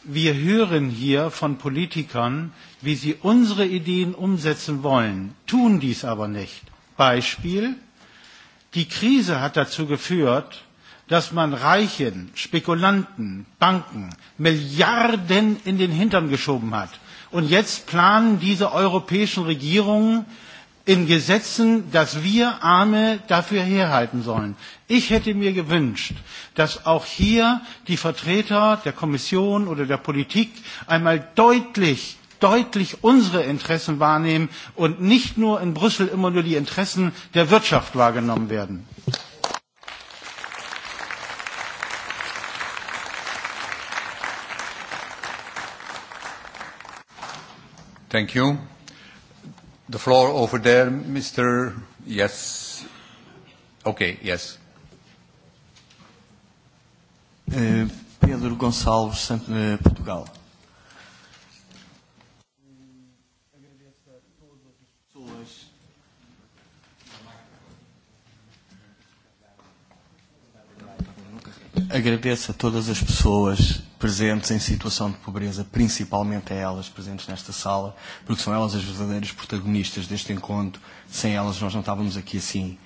Wir hören hier von Politikern, wie sie unsere Ideen umsetzen wollen, tun dies aber nicht. Beispiel Die Krise hat dazu geführt, dass man Reichen, Spekulanten, Banken Milliarden in den Hintern geschoben hat. Und jetzt planen diese europäischen Regierungen in Gesetzen, dass wir Arme dafür herhalten sollen. Ich hätte mir gewünscht, dass auch hier die Vertreter der Kommission oder der Politik einmal deutlich deutlich unsere Interessen wahrnehmen und nicht nur in Brüssel immer nur die Interessen der Wirtschaft wahrgenommen werden. Thank you. The floor over there, Mr. Yes. Okay, yes. Uh, Pedro Gonçalves, eh, Portugal. Agradeço a todas as pessoas presentes em situação de pobreza, principalmente a elas presentes nesta sala, porque são elas as verdadeiras protagonistas deste encontro. Sem elas nós não estávamos aqui assim.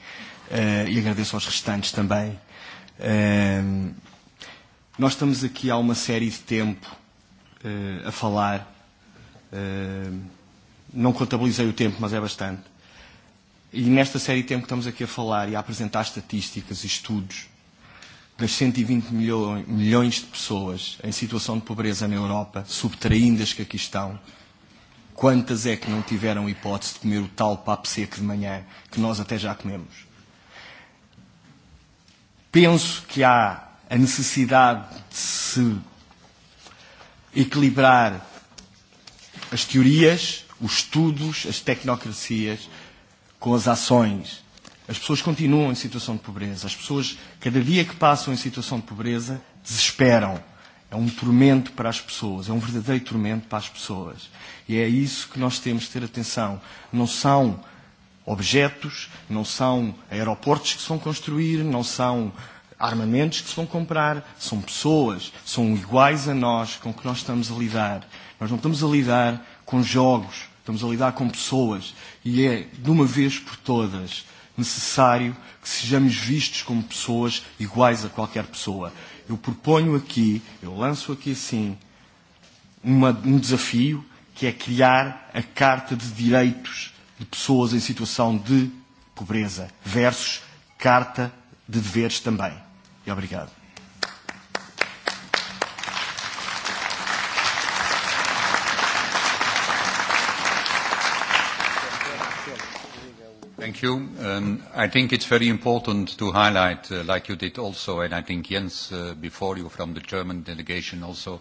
Uh, e agradeço aos restantes também. Uh, nós estamos aqui há uma série de tempo uh, a falar. Uh, não contabilizei o tempo, mas é bastante. E nesta série de tempo que estamos aqui a falar e a apresentar estatísticas e estudos das 120 e milho milhões de pessoas em situação de pobreza na Europa, subtraindo as que aqui estão, quantas é que não tiveram hipótese de comer o tal papo seco de manhã, que nós até já comemos? Penso que há a necessidade de se equilibrar as teorias, os estudos, as tecnocracias com as ações As pessoas continuam em situação de pobreza. As pessoas, cada dia que passam em situação de pobreza, desesperam. É um tormento para as pessoas, é um verdadeiro tormento para as pessoas. E é isso que nós temos de ter atenção. Não são objetos, não são aeroportos que se vão construir, não são armamentos que se vão comprar, são pessoas, são iguais a nós com que nós estamos a lidar. Nós não estamos a lidar com jogos, estamos a lidar com pessoas. E é, de uma vez por todas, necessário que sejamos vistos como pessoas iguais a qualquer pessoa. Eu proponho aqui, eu lanço aqui assim, uma, um desafio que é criar a Carta de Direitos de Pessoas em Situação de Pobreza versus Carta de Deveres também. E obrigado. Thank you. Um, I think it's very important to highlight, uh, like you did also, and I think Jens uh, before you from the German delegation also,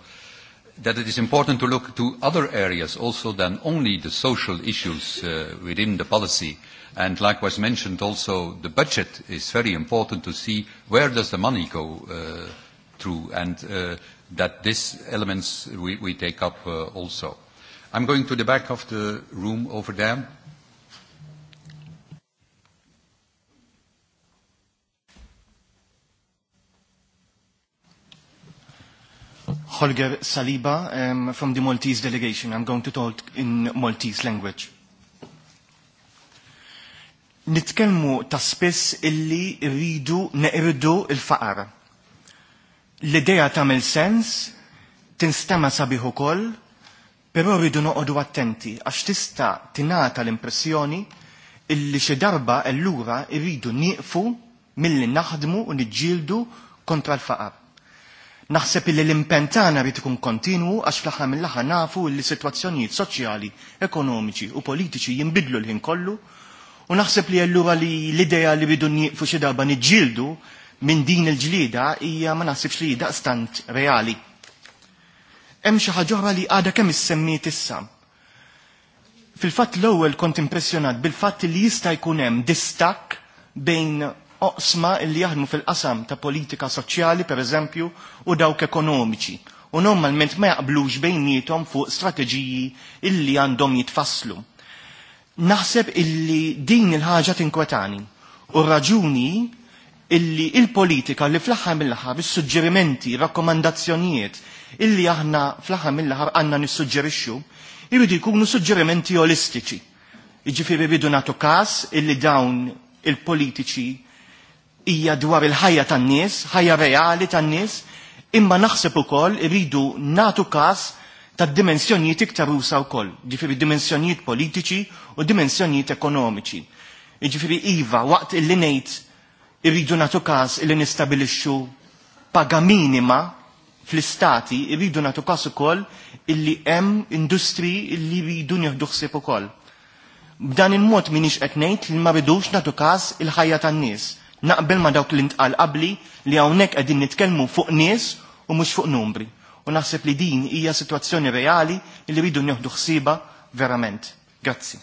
that it is important to look to other areas also than only the social issues uh, within the policy. And like was mentioned also, the budget is very important to see where does the money go through and that these elements we, we take up also. I'm going to the back of the room over there. Holger Saliba um, from the Maltese delegation. I'm going to talk in Maltese language. Nitkelmu ta' spess illi rridu neqridu il-faqar. L-ideja tamil sens, tinstema sabiħ ukoll, però rridu noqogħdu attenti għax tista' tingħata l-impressjoni illi xi darba allura rridu nieqfu milli naħdmu u niġġieldu kontra l-faqar Naħseb li l-impentana rrit ikun kontinwu għax fl-aħħar l aħħar nafu li situazzjonijiet soċjali, ekonomiċi u politiċi jinbidlu l-ħin kollu u naħseb li għallura li l-idea li bidu nieqfu xi darba niġġieldu minn din il-ġlida hija ma naħsibx li stant reali. Hemm xi ħaġa li għadha kemm issemmiet issa. Fil-fatt l-ewwel kont impressjonat bil-fatt li jista' jkun hemm distakk bejn oqsma il jaħdmu fil-qasam ta' politika soċjali per eżempju u dawk ekonomiċi u normalment ma jaqblux bejnietom fuq strateġiji illi għandhom jitfasslu. Naħseb illi din il-ħaġa tinkwetani u raġuni illi il-politika li fl-aħħar mill-aħħar is-suġġerimenti, rakkomandazzjonijiet illi aħna fl-aħħar mill-aħħar għandna nissuġġerixxu jridu jkunu suġġerimenti olistiċi. Jiġifieri rridu nagħtu każ illi dawn il-politiċi hija dwar il-ħajja tan-nies, ħajja reali tan-nies, imma naħseb ukoll iridu natu każ tad dimensjonijiet iktar usa wkoll, ġifieri dimensjonijiet politiċi u dimensjonijiet ekonomiċi. Ġifieri iva waqt illi ngħid irridu natu każ illi nistabilixxu paga minima fl-istati iridu natu każ ukoll illi hemm industri illi jridu nieħdu ħsieb ukoll. B'dan il-mod minix qed ngħid li ma ridux natu każ il-ħajja tan-nies Naqbel ma dawk li ntqal qabli li hawnhekk qegħdin nitkellmu fuq nies u mhux fuq numri. U naħseb li din hija sitwazzjoni reali li rridu nieħdu ħsiba verament. Grazzi.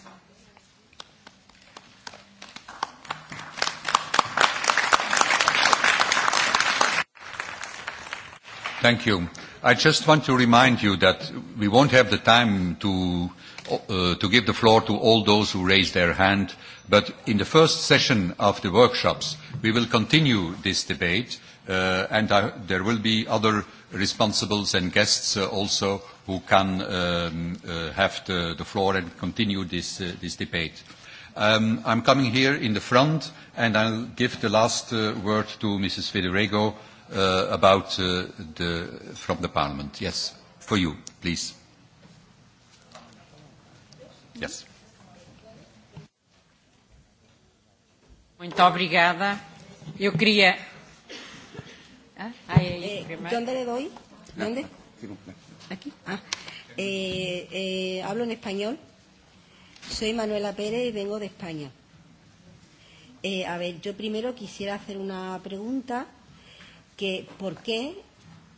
Thank you. I just want to remind you that we won't have the time to, uh, to give the floor to all those who raised their hand, but in the first session of the workshops, We will continue this debate, uh, and I, there will be other responsibles and guests uh, also who can um, uh, have the, the floor and continue this, uh, this debate. Um, I'm coming here in the front, and I'll give the last uh, word to Mrs. Federego uh, about uh, the, from the Parliament. Yes, for you, please. Yes. Muito obrigada. Eu queria. Ah, aí, eh, ¿Dónde le doy? Onde? Ah, no, no. Aquí. Ah. Eh, eh, hablo en español. Soy Manuela Pérez y vengo de España. Eh, a ver, yo primero quisiera hacer una pregunta que ¿por qué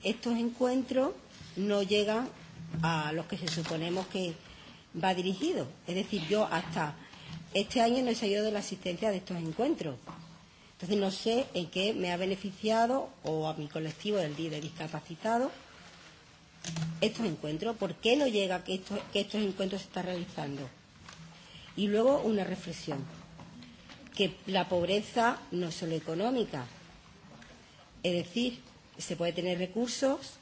estos encuentros no llegan a los que se suponemos que va dirigido? Es decir, yo hasta Este año no he salido de la asistencia de estos encuentros. Entonces no sé en qué me ha beneficiado o a mi colectivo del día de discapacitados estos encuentros, por qué no llega que, estos, que estos encuentros se están realizando. Y luego una reflexión, que la pobreza no es solo económica, es decir, se puede tener recursos,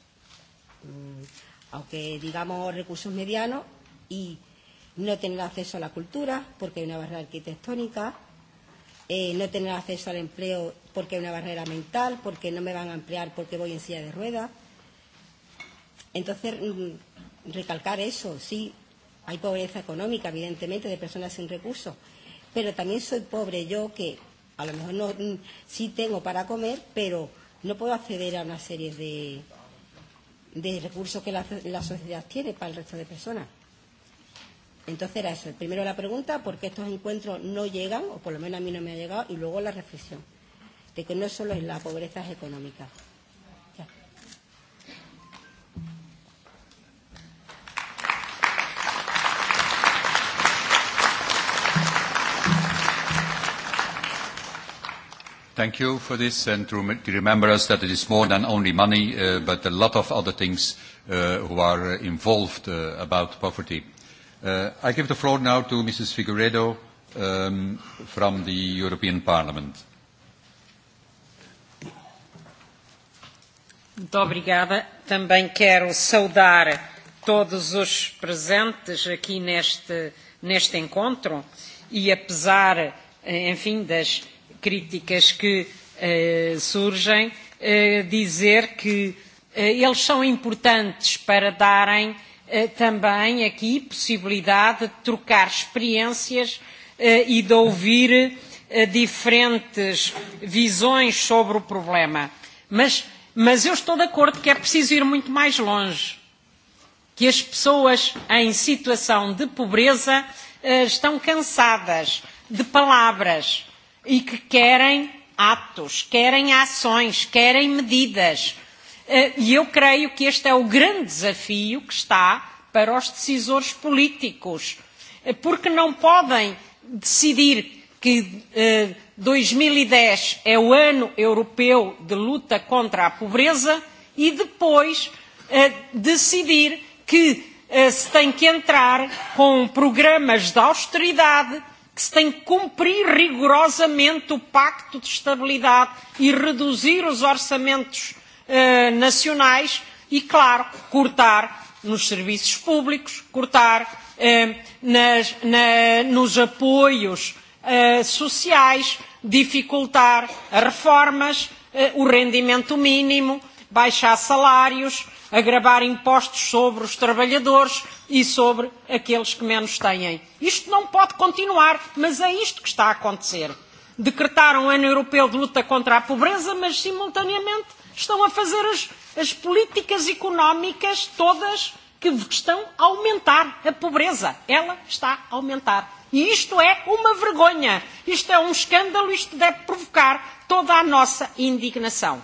mm, aunque digamos recursos medianos, y no tener acceso a la cultura porque hay una barrera arquitectónica, eh, no tener acceso al empleo porque hay una barrera mental, porque no me van a emplear porque voy en silla de ruedas. Entonces, mm, recalcar eso, sí, hay pobreza económica, evidentemente, de personas sin recursos, pero también soy pobre yo que a lo mejor no, mm, sí tengo para comer, pero no puedo acceder a una serie de, de recursos que la, la sociedad tiene para el resto de personas. Entonces era eso. Primero la pregunta, por qué estos encuentros no llegan, o por lo menos a mí no me ha llegado, y luego la reflexión de que no solo es la pobreza es económica. Ya. Thank you for this and to, remember us that it is more than only money uh, but a lot of other things uh, who are uh, involved uh, about poverty. Uh, I give the floor now to Mrs. Figueredo um, from the European Parliament. Muito obrigada. Também quero saudar todos os presentes aqui neste, neste encontro e apesar, eh, enfim, das críticas que eh, surgem, eh, dizer que eles são importantes para darem Eh, também aqui possibilidade de trocar experiências eh, e de ouvir eh, diferentes visões sobre o problema. Mas, mas eu estou de acordo que é preciso ir muito mais longe, que as pessoas em situação de pobreza estão cansadas de palavras e que querem atos, querem ações, querem medidas Eh, e eu creio que este é o grande desafio que está para os decisores políticos, eh, porque não podem decidir que eh, dois mil e dez é o ano europeu de luta contra a pobreza e depois decidir que se tem que entrar com programas de austeridade, que se tem que cumprir rigorosamente o Pacto de Estabilidade e reduzir os orçamentos Eh, nacionais e, claro, cortar nos serviços públicos, cortar eh, nas, na, nos apoios eh, sociais, dificultar reformas, o rendimento mínimo, baixar salários, agravar impostos sobre os trabalhadores e sobre aqueles que menos têm. Isto não pode continuar, mas é isto que está a acontecer. Decretaram um ano europeu de luta contra a pobreza, mas simultaneamente estão a fazer as, as políticas económicas todas que estão a aumentar a pobreza. Ela está a aumentar. E isto é uma vergonha, isto é um escândalo, isto deve provocar toda a nossa indignação.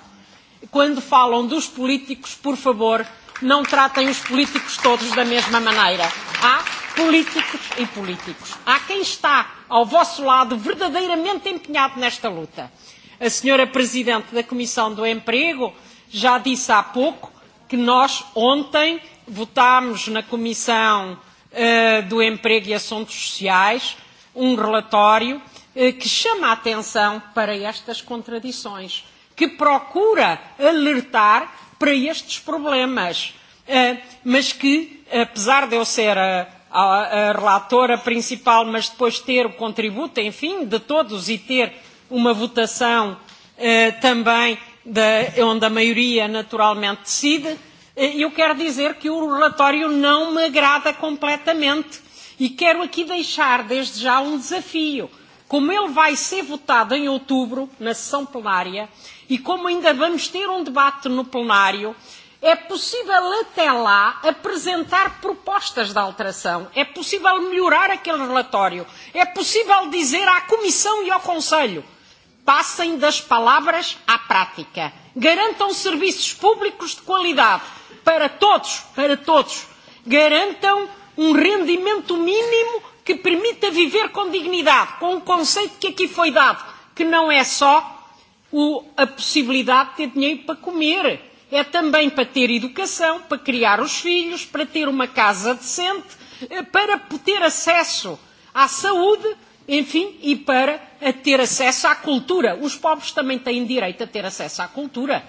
Quando falam dos políticos, por favor, não tratem os políticos todos da mesma maneira. Há políticos e políticos. Há quem está ao vosso lado verdadeiramente empenhado nesta luta. A senhora Presidente da Comissão do Emprego já disse há pouco que nós ontem votámos na Comissão uh, do Emprego e Assuntos Sociais um relatório uh, que chama a atenção para estas contradições, que procura alertar para estes problemas, uh, mas que, apesar de eu ser a, a, a relatora principal, mas depois ter o contributo, enfim, de todos e ter uma votação eh, também de, onde a maioria naturalmente decide. Eh, eu quero dizer que o relatório não me agrada completamente e quero aqui deixar desde já um desafio. Como ele vai ser votado em outubro, na sessão plenária, e como ainda vamos ter um debate no plenário, é possível até lá apresentar propostas de alteração, é possível melhorar aquele relatório, é possível dizer à Comissão e ao Conselho Passem das palavras à prática. Garantam serviços públicos de qualidade para todos, para todos. Garantam um rendimento mínimo que permita viver com dignidade, com o um conceito que aqui foi dado, que não é só o, a possibilidade de ter dinheiro para comer, é também para ter educação, para criar os filhos, para ter uma casa decente, eh, para ter acesso à saúde enfim, e para ter acesso à cultura. Os pobres também têm direito a ter acesso à cultura,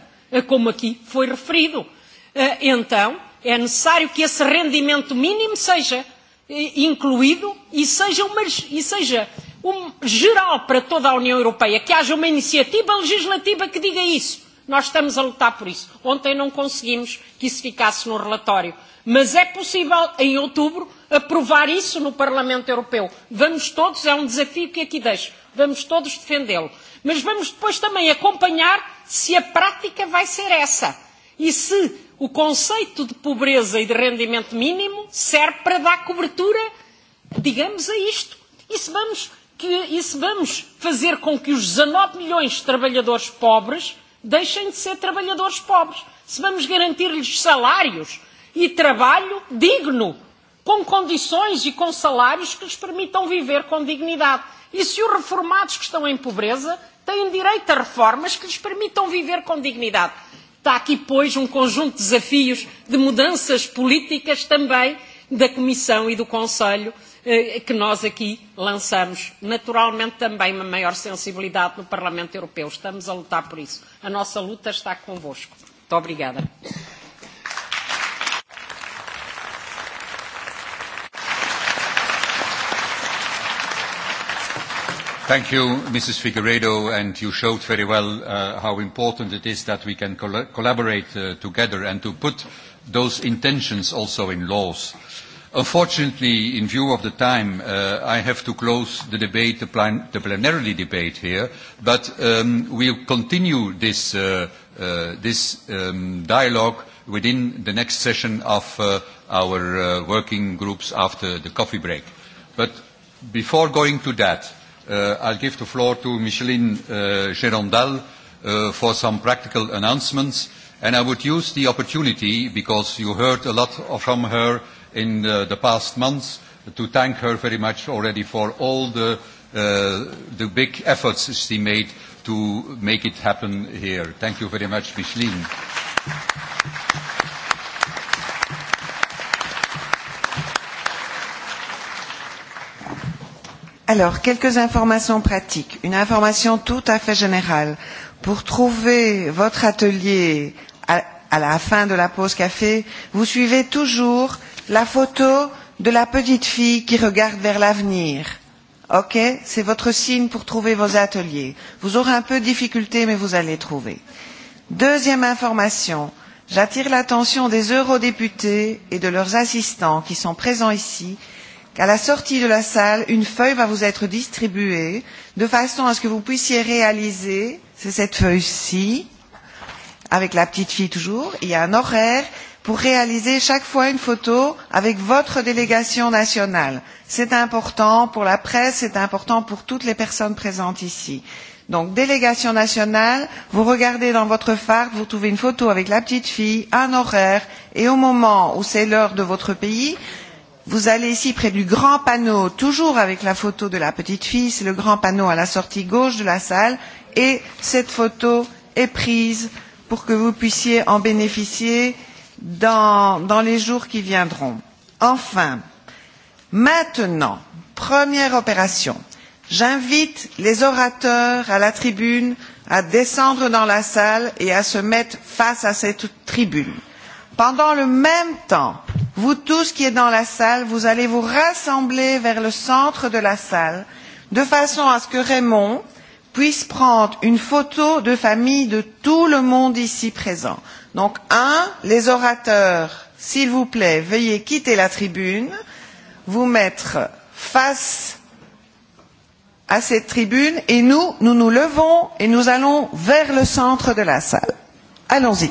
como aqui foi referido. Eh, então, é necessário que esse rendimento mínimo seja eh, incluído e seja, uma, e seja um, geral para toda a União Europeia, que haja uma iniciativa legislativa que diga isso. Nós estamos a lutar por isso. Ontem não conseguimos que isso ficasse no relatório, mas é possível em outubro aprovar isso no Parlamento Europeu. Vamos todos, é um desafio que aqui deixo, vamos todos defendê-lo. Mas vamos depois também acompanhar se a prática vai ser essa e se o conceito de pobreza e de rendimento mínimo serve para dar cobertura, digamos, a isto. E se vamos, que, e se vamos fazer com que os 19 milhões de trabalhadores pobres deixem de ser trabalhadores pobres, se vamos garantir-lhes salários e trabalho digno com condições e com salários que lhes permitam viver com dignidade. E se os reformados que estão em pobreza têm direito a reformas que lhes permitam viver com dignidade. Está aqui, pois, um conjunto de desafios de mudanças políticas também da Comissão e do Conselho eh, que nós aqui lançamos. Naturalmente, também uma maior sensibilidade no Parlamento Europeu. Estamos a lutar por isso. A nossa luta está convosco. Muito obrigada. Thank you, Mrs. Figueiredo, and you showed very well uh, how important it is that we can col collaborate uh, together and to put those intentions also in laws. Unfortunately, in view of the time, uh, I have to close the debate, the, plan the plenary debate here, but um, we'll continue this, uh, uh, this um, dialogue within the next session of uh, our uh, working groups after the coffee break. But before going to that, uh, I'll give the floor to Micheline uh, eh, Gerondal uh, eh, for some practical announcements. And I would use the opportunity, because you heard a lot from her in uh, the past months, to thank her very much already for all the, uh, the big efforts she made to make it happen here. Thank you very much, Micheline. Alors, quelques informations pratiques. Une information tout à fait générale. Pour trouver votre atelier à, à la fin de la pause café, vous suivez toujours la photo de la petite fille qui regarde vers l'avenir. OK C'est votre signe pour trouver vos ateliers. Vous aurez un peu de difficulté, mais vous allez trouver. Deuxième information. J'attire l'attention des eurodéputés et de leurs assistants qui sont présents ici Qu'à la sortie de la salle, une feuille va vous être distribuée de façon à ce que vous puissiez réaliser, c'est cette feuille-ci, avec la petite fille toujours, il y a un horaire pour réaliser chaque fois une photo avec votre délégation nationale. C'est important pour la presse, c'est important pour toutes les personnes présentes ici. Donc, délégation nationale, vous regardez dans votre farte, vous trouvez une photo avec la petite fille, un horaire, et au moment où c'est l'heure de votre pays, vous allez ici près du grand panneau, toujours avec la photo de la petite fille, c'est le grand panneau à la sortie gauche de la salle, et cette photo est prise pour que vous puissiez en bénéficier dans, dans les jours qui viendront. Enfin, maintenant, première opération, j'invite les orateurs à la tribune à descendre dans la salle et à se mettre face à cette tribune pendant le même temps vous tous qui êtes dans la salle vous allez vous rassembler vers le centre de la salle de façon à ce que raymond puisse prendre une photo de famille de tout le monde ici présent. donc un les orateurs s'il vous plaît veuillez quitter la tribune vous mettre face à cette tribune et nous nous nous levons et nous allons vers le centre de la salle. allons y.